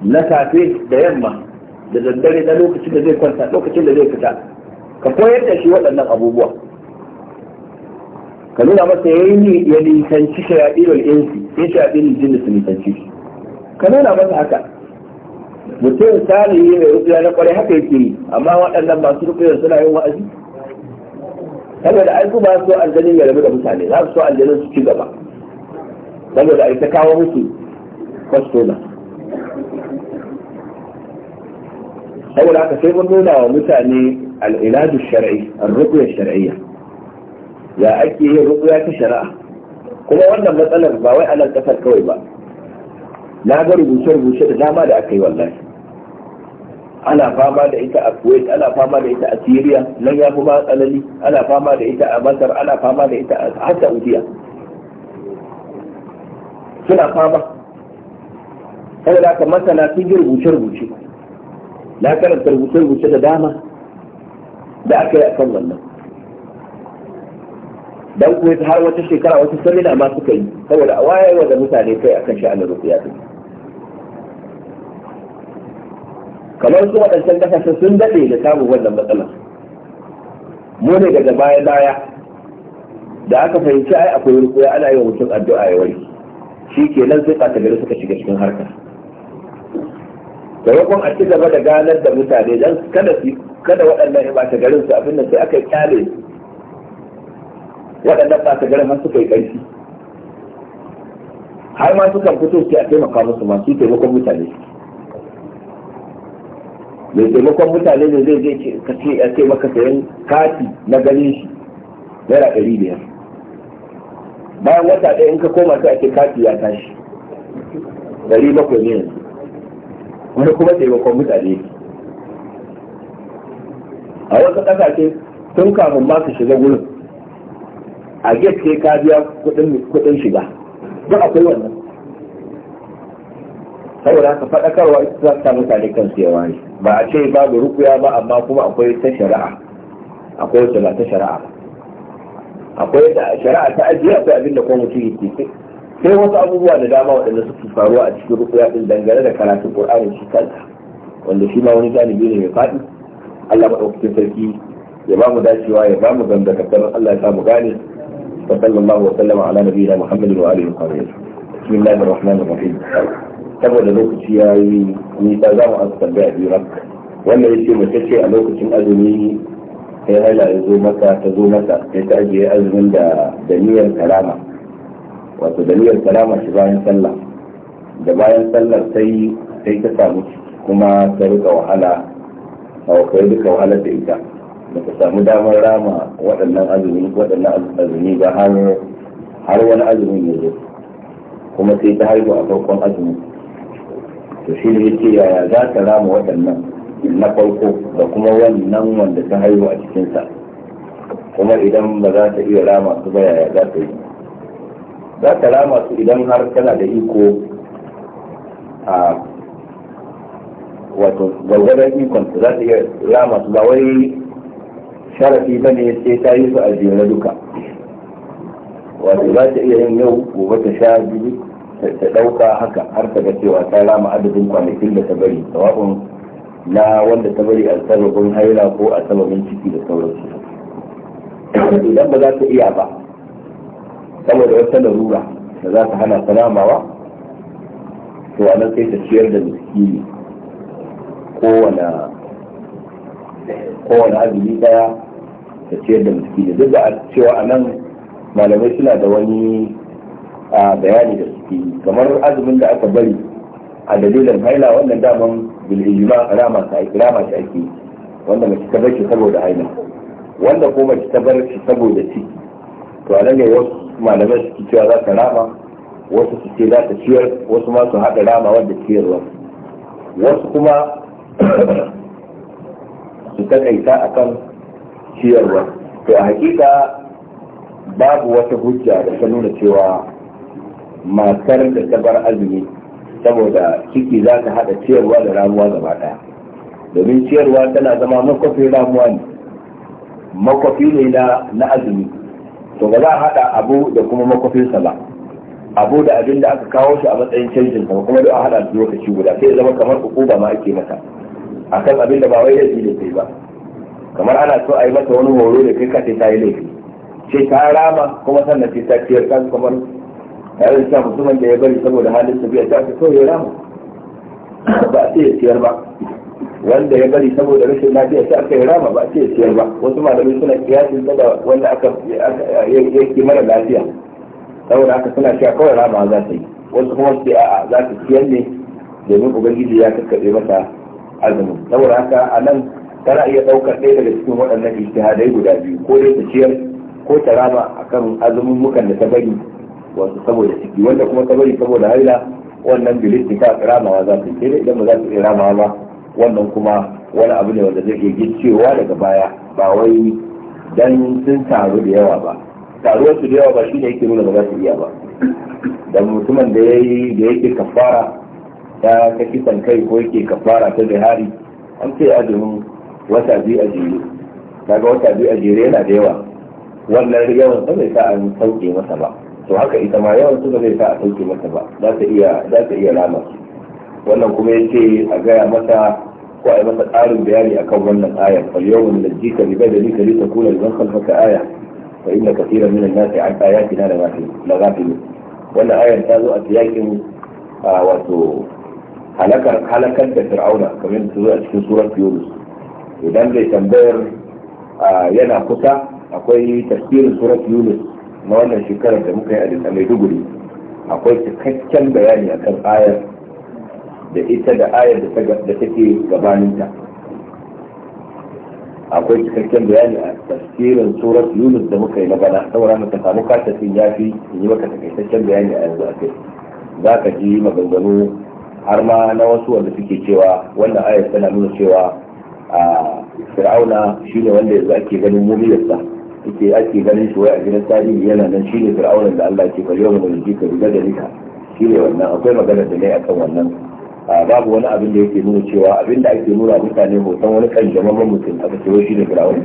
na safe da yamma da daddare na lokacin da zai kwanta lokacin da zai fita ka koyar da shi waɗannan abubuwa ka nuna masa ya yi ya nisanci shayaɗin insi sai shayaɗin jinni su nisanci ka nuna masa haka mutum yi mai rukuya na kwarai haka yake yi amma waɗannan masu rukuya suna yin wa'azi saboda ai ba su aljanin ya rabu da mutane za su so aljanin su ci gaba saboda ai ta kawo musu kwastoma saboda haka sai mun nuna wa mutane al'iladu shar'i rukuya shar'iyya ya ake yin rukuya ta shari'a kuma wannan matsalar ba wai anan kasar kawai ba na ga rubuce-rubuce da dama da aka yi wallahi ana fama da ita a kuwait ana fama da ita a syria nan ya fi ma tsanani ana fama da ita a masar ana fama da ita a saudiya suna fama Kada da aka masana sun yi rubuce-rubuce na karanta rubuce-rubuce da dama da aka yi a kan wannan dan kuwait har wata shekara wata samina ma suka yi saboda a wayewa da mutane kai akan sha'anin rukuya din kamar su waɗancan kasashe sun daɗe da samun wannan matsala mu ne daga baya baya da aka fahimci ai akwai rukuya ana yi wa mutum addu'a ya wari shi ke nan sai ɓata gari suka shiga cikin harka maimakon a ci gaba da ganar da mutane dan kada su kada waɗannan ya ɓata garin su abin nan sai aka kyale waɗannan ɓata garin har suka yi ƙarfi har ma sukan fito su a taimaka musu masu taimakon mutane mai taimakon mutane ne zai je ka ce a ce maka sayan kati na ganin shi naira ɗari biyar bayan wata ɗaya in ka koma sai a ce kati ya tashi ɗari bakwai ne yanzu wani kuma taimakon mutane a wasu ƙasashe tun kafin ma su shiga wurin, a get sai ka biya kuɗin shiga duk akwai wannan saboda haka faɗakarwa ita za ta mutane kan su yawa ne ba a ce babu rukuya ba amma kuma akwai ta shari'a akwai wata ba ta shari'a akwai da shari'a ta ajiye akwai abin da kuma mutum yake sai wasu abubuwa da dama waɗanda suke faruwa a cikin rukuya din dangane da karatun qur'ani shi kanta wanda shi ma wani galibi ne mai faɗi Allah madaukakin sarki ya ba mu dacewa ya ba mu dangantakar Allah ya samu gane wa sallallahu wa sallama ala nabiyina Muhammadin wa alihi wa sahbihi بسم الله الرحمن الرحيم saboda lokaci ya yi nisa za mu amsa tambaya biyu wannan ya ce mace ce a lokacin azumi sai haila ya zo mata ta zo mata sai ta ajiye azumin da daniyar kalama wato daniyar kalama shi bayan sallah da bayan sallar sai sai ta samu kuma ta rika wahala a wakai duka wahalar da ita ba ta samu damar rama waɗannan azumi waɗannan azumi ba har har wani azumin ya zo kuma sai ta haihu a farkon azumi to shi ne yake yaya za ta rama waɗannan na farko da kuma wannan wanda ta haihu a cikinsa kuma idan ba za ta iya rama su ba yaya za ta yi za ta rama su idan har tana da iko a wato gwargwadon ikonta za ta iya rama su ba wai sharafi ba ne sai ta yi su a jere duka wato za ta iya yin yau gobe ta sha biyu ta ɗauka haka har ta ga cewa ta rama adadin kwanakin da ta bari sawa'un na wanda ta bari a sababin haila ko a sababin ciki da sauransu idan ba za ta iya ba saboda wata larura da za ta hana salamawa to a nan sai ta ciyar da miskini kowane kowane azumi daya ta ciyar da miskini duk da cewa a nan malamai suna da wani bayani da suke kamar azumin da aka bari a dalilin haila wannan daman bil'ijima rama ta rama ta ake wanda mace ta bar shi saboda haila wanda ko mace ta bar shi saboda ciki to a nan wasu malamai suke cewa za ta rama wasu su ce za ta ciyar wasu ma su haɗa rama wanda ciyarwa wasu kuma su a kan ciyarwa to a hakika babu wata hujja da ta nuna cewa matar da ta bar azumi saboda ciki za ta haɗa ciyarwa da ramuwa gaba ɗaya domin ciyarwa tana zama makwafi ramuwa ne makwafi ne na azumi to ba za a haɗa abu da kuma makwafinsa ba abu da abin da aka kawo shi a matsayin canjin sa kuma da a haɗa su lokaci guda sai zama kamar ukuba ma ake mata kan abin da ba wai laifi da kai ba kamar ana so a yi mata wani horo da kai ka ta yi laifi sai ta rama kuma sannan sai ta ciyar kan kamar tare da cewa mutumin da ya bari saboda halin tafiya ta fi kawai ya rama ba a ce ya siyar ba wanda ya bari saboda rashin lafiya ta aka yi rama ba a ce siyar ba wasu malamai suna kiyasin da wanda aka yake mara lafiya saboda aka suna sha kawai rama za ta yi wasu kuma su a za ta siyar ne domin ubangiji ya kakkaɓe masa azumi saboda haka a nan tana iya ɗaukar ɗaya daga cikin waɗannan ijtihadai guda biyu ko dai ta ciyar ko ta rama akan azumin mukan da ta bari Wasu saboda ciki wanda kuma ta bari saboda haila wannan bilistika ramawa za su yi idan ba za ta iya ramawa ba wannan kuma wani abu ne wanda zai iya cewa daga baya ba wai dan sun taru da yawa ba taruwar su da yawa ba shi ne yake nuna ba za su iya ba da mutumin da yayi da yake kafara ta ta kisan kai ko yake kafara ta jihari an ce azumin wata biyu a jere daga wata biyu a jere yana da yawa wannan yawan sa bai sa an sauke masa ba to haka ita ma yawan su ba zai sa a sauke mata ba za ta iya za ta iya rama wannan kuma yace a gaya mata ko a yi masa tsarin bayani akan wannan aya fal yawma najjika bi badalika li takuna liman khalfaka aya fa inna katiran min an-nasi an ayatina la ghafilun wannan ayar ta zo a tiyakin wato halakar halakar da fir'auna kamar su zo a cikin surar yunus idan bai tambayar yana kusa akwai tafsirin surar yunus na wannan shekarar da muka yi a maiduguri akwai cikakken bayani akan ayar da ita da ayar da take gabaninta akwai cikakken bayani a tasirin surat yunus da muka yi na bana saboda ta samu kasafin ya fi in yi maka takaitaccen bayani a yanzu a kai za ka ji maganganu har ma na wasu wanda suke cewa wannan ayar tana nuna cewa a fir'auna shi ne wanda yanzu ake ganin mumiyarsa yake ake ganin shi wai a gidan tarihi yana nan shi ne fir'aunan da Allah ke fariyo mu da jika riga da nika shi ne wannan akwai magana da ne akan wannan babu wani abin da yake nuna cewa abin da ake nuna mutane hoton wani kan jama'an mutum aka ce shi ne fir'aun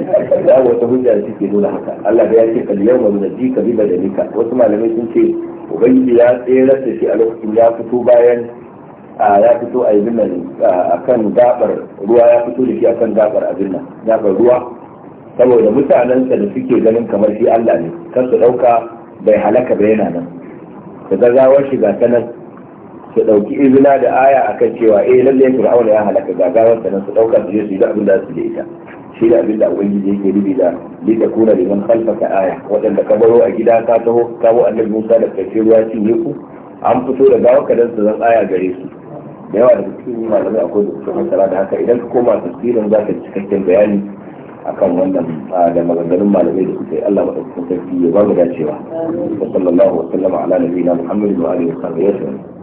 da wata hujja da take nuna haka Allah ya ce kal yawma nunji ka da nika wasu malamai sun ce ubangiji ya tsere da shi a lokacin ya fito bayan ya fito a yi kan gabar ruwa ya fito da shi a kan gabar abin nan gabar ruwa saboda mutanensa da suke ganin kamar shi Allah ne kan su ɗauka bai halaka ba yana nan su gagawar shiga ta nan su ɗauki izina da aya a kan cewa eh lalle fir'auna ya halaka gagawar ta nan su ɗauka su je su yi da abin da su da ita shi da abin da ubangiji yake rubi da li ta kuna liman khalfaka aya waɗanda ka baro a gida ka taho ka kawo annabi Musa da kace ruwa cinye ku an fito da gawar ka dan su zan aya gare su da yawa da cikin malamai akwai da suka da haka idan ka koma tafsirin zaka cikakken bayani akan wannan ah, da maganganun malamai da suka yi Allah ba ɗauki sarki ya ba mu dacewa wa sallallahu wa sallama ala nabiyina Muhammad wa alihi wa sahbihi